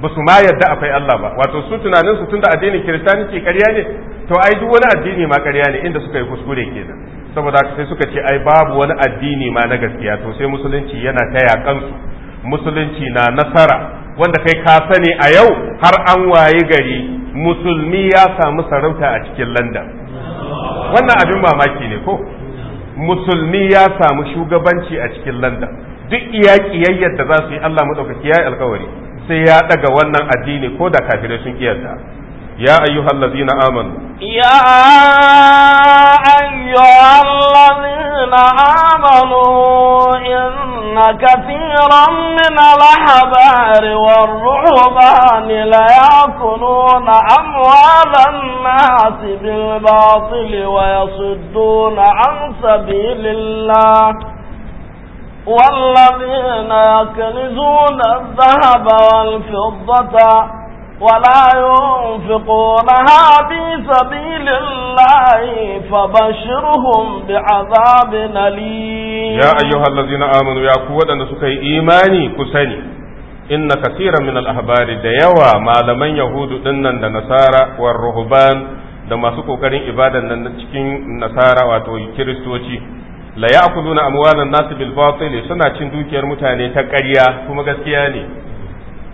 Speaker 1: ba su ma yadda akwai allah ba wato su tunanin su da addinin kiristanci ƙarya ne to ai duk wani addini ma karya ne inda suka yi kuskure kenan saboda haka sai suka ce ai babu wani addini ma na gaskiya to sai musulunci yana ta yaƙansu musulunci na nasara wanda kai ka sani a yau har an wayi gari musulmi ya samu sarauta a cikin london wannan abin mamaki ne ko musulmi ya samu shugabanci a cikin london duk iya kiyayyar da za su yi allah maɗaukaki ya yi alkawari sai ya ɗaga wannan addini ko da kafirai sun kiyarta يا أيها الذين آمنوا
Speaker 2: يا أيها الذين آمنوا إن كثيرا من الأحبار والرهبان ليأكلون أموال الناس بالباطل ويصدون عن سبيل الله والذين يكنزون الذهب والفضة ولا ينفقونها في سبيل الله فبشرهم بعذاب أليم
Speaker 1: يا أيها الذين آمنوا يا قوة أن إيماني كسني إن كثيرا من الأحبار ديوا ما لمن يهود دنن دنسارا والرهبان da masu kokarin ibadan nan cikin nasara wato kiristoci la ya'kuluna amwalan nas bil batil suna cin dukiyar mutane ta ƙarya kuma gaskiya ne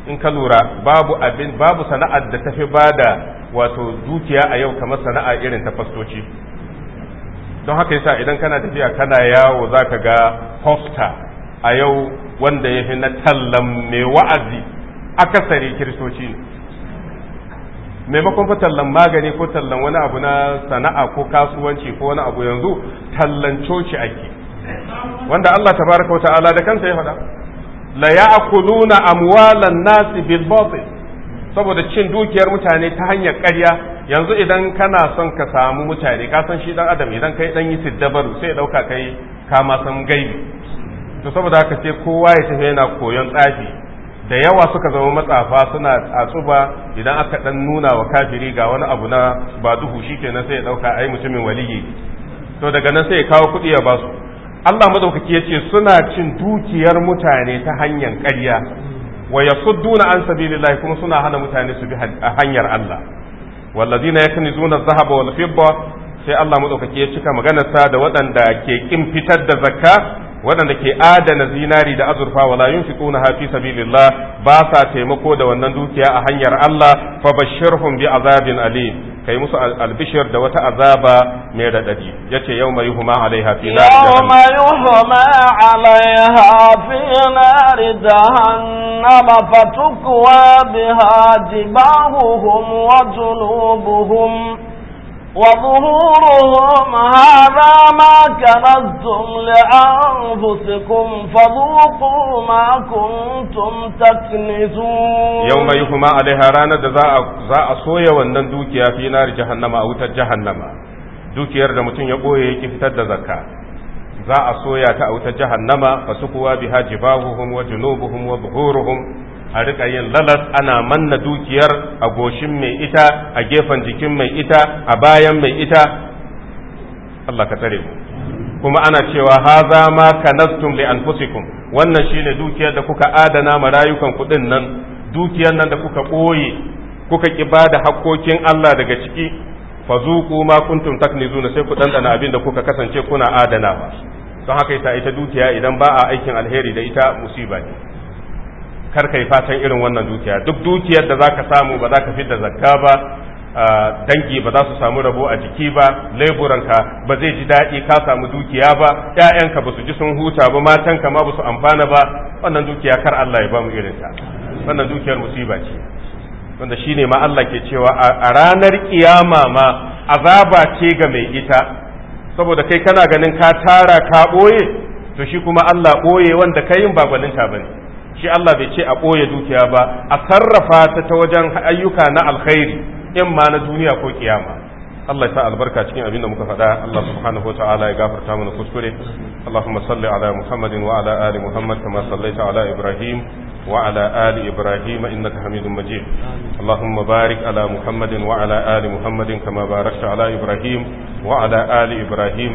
Speaker 1: in ka lura babu abin babu sana'ar da tafi bada wato dukiya a yau kamar sana'a irin ta fastoci don haka yasa idan kana tafiya kana yawo za ka ga hosta a yau wanda ya fi na tallan mai wa'azi akasari kiristoci ne maimakon fa tallan magani ko tallan wani abu na sana'a ko kasuwanci ko wani abu yanzu tallan coci ake wanda Allah tabaraka wa ta'ala da kansa ya faɗa la ya'kuluna amwalan nasi bil batil saboda cin dukiyar mutane ta hanyar ƙarya yanzu idan kana son ka samu mutane ka san shi dan adam idan kai dan yi tiddabaru sai ya dauka kai ka ma san gaibi to saboda haka sai kowa ya tafi yana koyon tsafi da yawa suka zama matsafa suna tsatsuba idan aka dan nuna wa kafiri ga wani abu na ba duhu shikenan sai ya dauka ai mutumin waliyi to daga nan sai ya kawo kuɗi ya basu Allah madaukaki ce suna cin dukiyar mutane ta hanyar ƙarya wa yasudduna an sabilillahi kuma suna hana mutane su bi hanyar Allah wallazina yaknizuna adh-dhahaba wal fidda sai Allah madaukaki ya cika maganar sa da waɗanda ke kin fitar da zakka waɗanda ke adana zinari da azurfa wala yunfiquna fi sabilillah ba sa taimako da wannan dukiya a hanyar Allah fa bashirhum bi azabin alim kai musu albishir da wata azaba mai radadi yace mai yuhma alaiha fi nar mai yuhma alaiha
Speaker 2: fi nar jahannam fatukwa biha jibahuhum wa junubuhum وظهورهم هذا ما كنزتم لأنفسكم فذوقوا ما كنتم تكنزون يوم
Speaker 1: يهما عليها رانا ذا أصويا وندن دوكيا في نار جهنم أو جهنم dukiyar da mutum ya ɓoye yake fitar da zakka za a soya ta a wutar jahannama fa sukuwa biha jibahuhum wa junubuhum wa zuhuruhum a rika yin lalas ana manna dukiyar a goshin mai ita a gefen jikin mai ita a bayan mai ita Allah ka tsare mu kuma ana cewa haza ma kanastum li anfusikum wannan shine dukiyar da kuka adana marayukan rayukan kudin nan dukiyar nan da kuka koyi kuka ba da hakkokin Allah daga ciki fazuku ma kuntum taknizuna sai ku dandana abin da kuka kasance kuna ba. don haka ita ita dukiya idan ba a aikin alheri da ita musiba ne kar ka yi fatan irin wannan dukiya duk dukiyar da za ka samu ba za ka fi da zakka ba dangi ba za su samu rabo a jiki ba leburanka ba zai ji daɗi ka samu dukiya ba ƴaƴanka ba su ji sun huta ba matanka ma ba su amfana ba wannan dukiya kar Allah ya bamu mu irinta wannan dukiyar musiba ce wanda shi ne ma Allah ke cewa a ranar kiyama ma azaba ce ga mai ita saboda kai kana ganin ka tara ka ɓoye to shi kuma Allah ɓoye wanda ka babalinta ba ne bane shi Allah bai ce a ɓoye dukiya ba a sarrafa ta ta wajen ayyuka na alkhairi in ma na duniya ko kiyama Allah ya sa albarka cikin abin da muka faɗa Allah subhanahu wa ta'ala ya gafarta mana kuskure Allahumma salli ala Muhammadin wa ala ali Muhammad kama sallaita ala Ibrahim wa ala ali Ibrahim innaka Hamidum Majid Allahumma barik ala Muhammadin wa ala ali Muhammadin kama barakta ala Ibrahim wa ala ali Ibrahim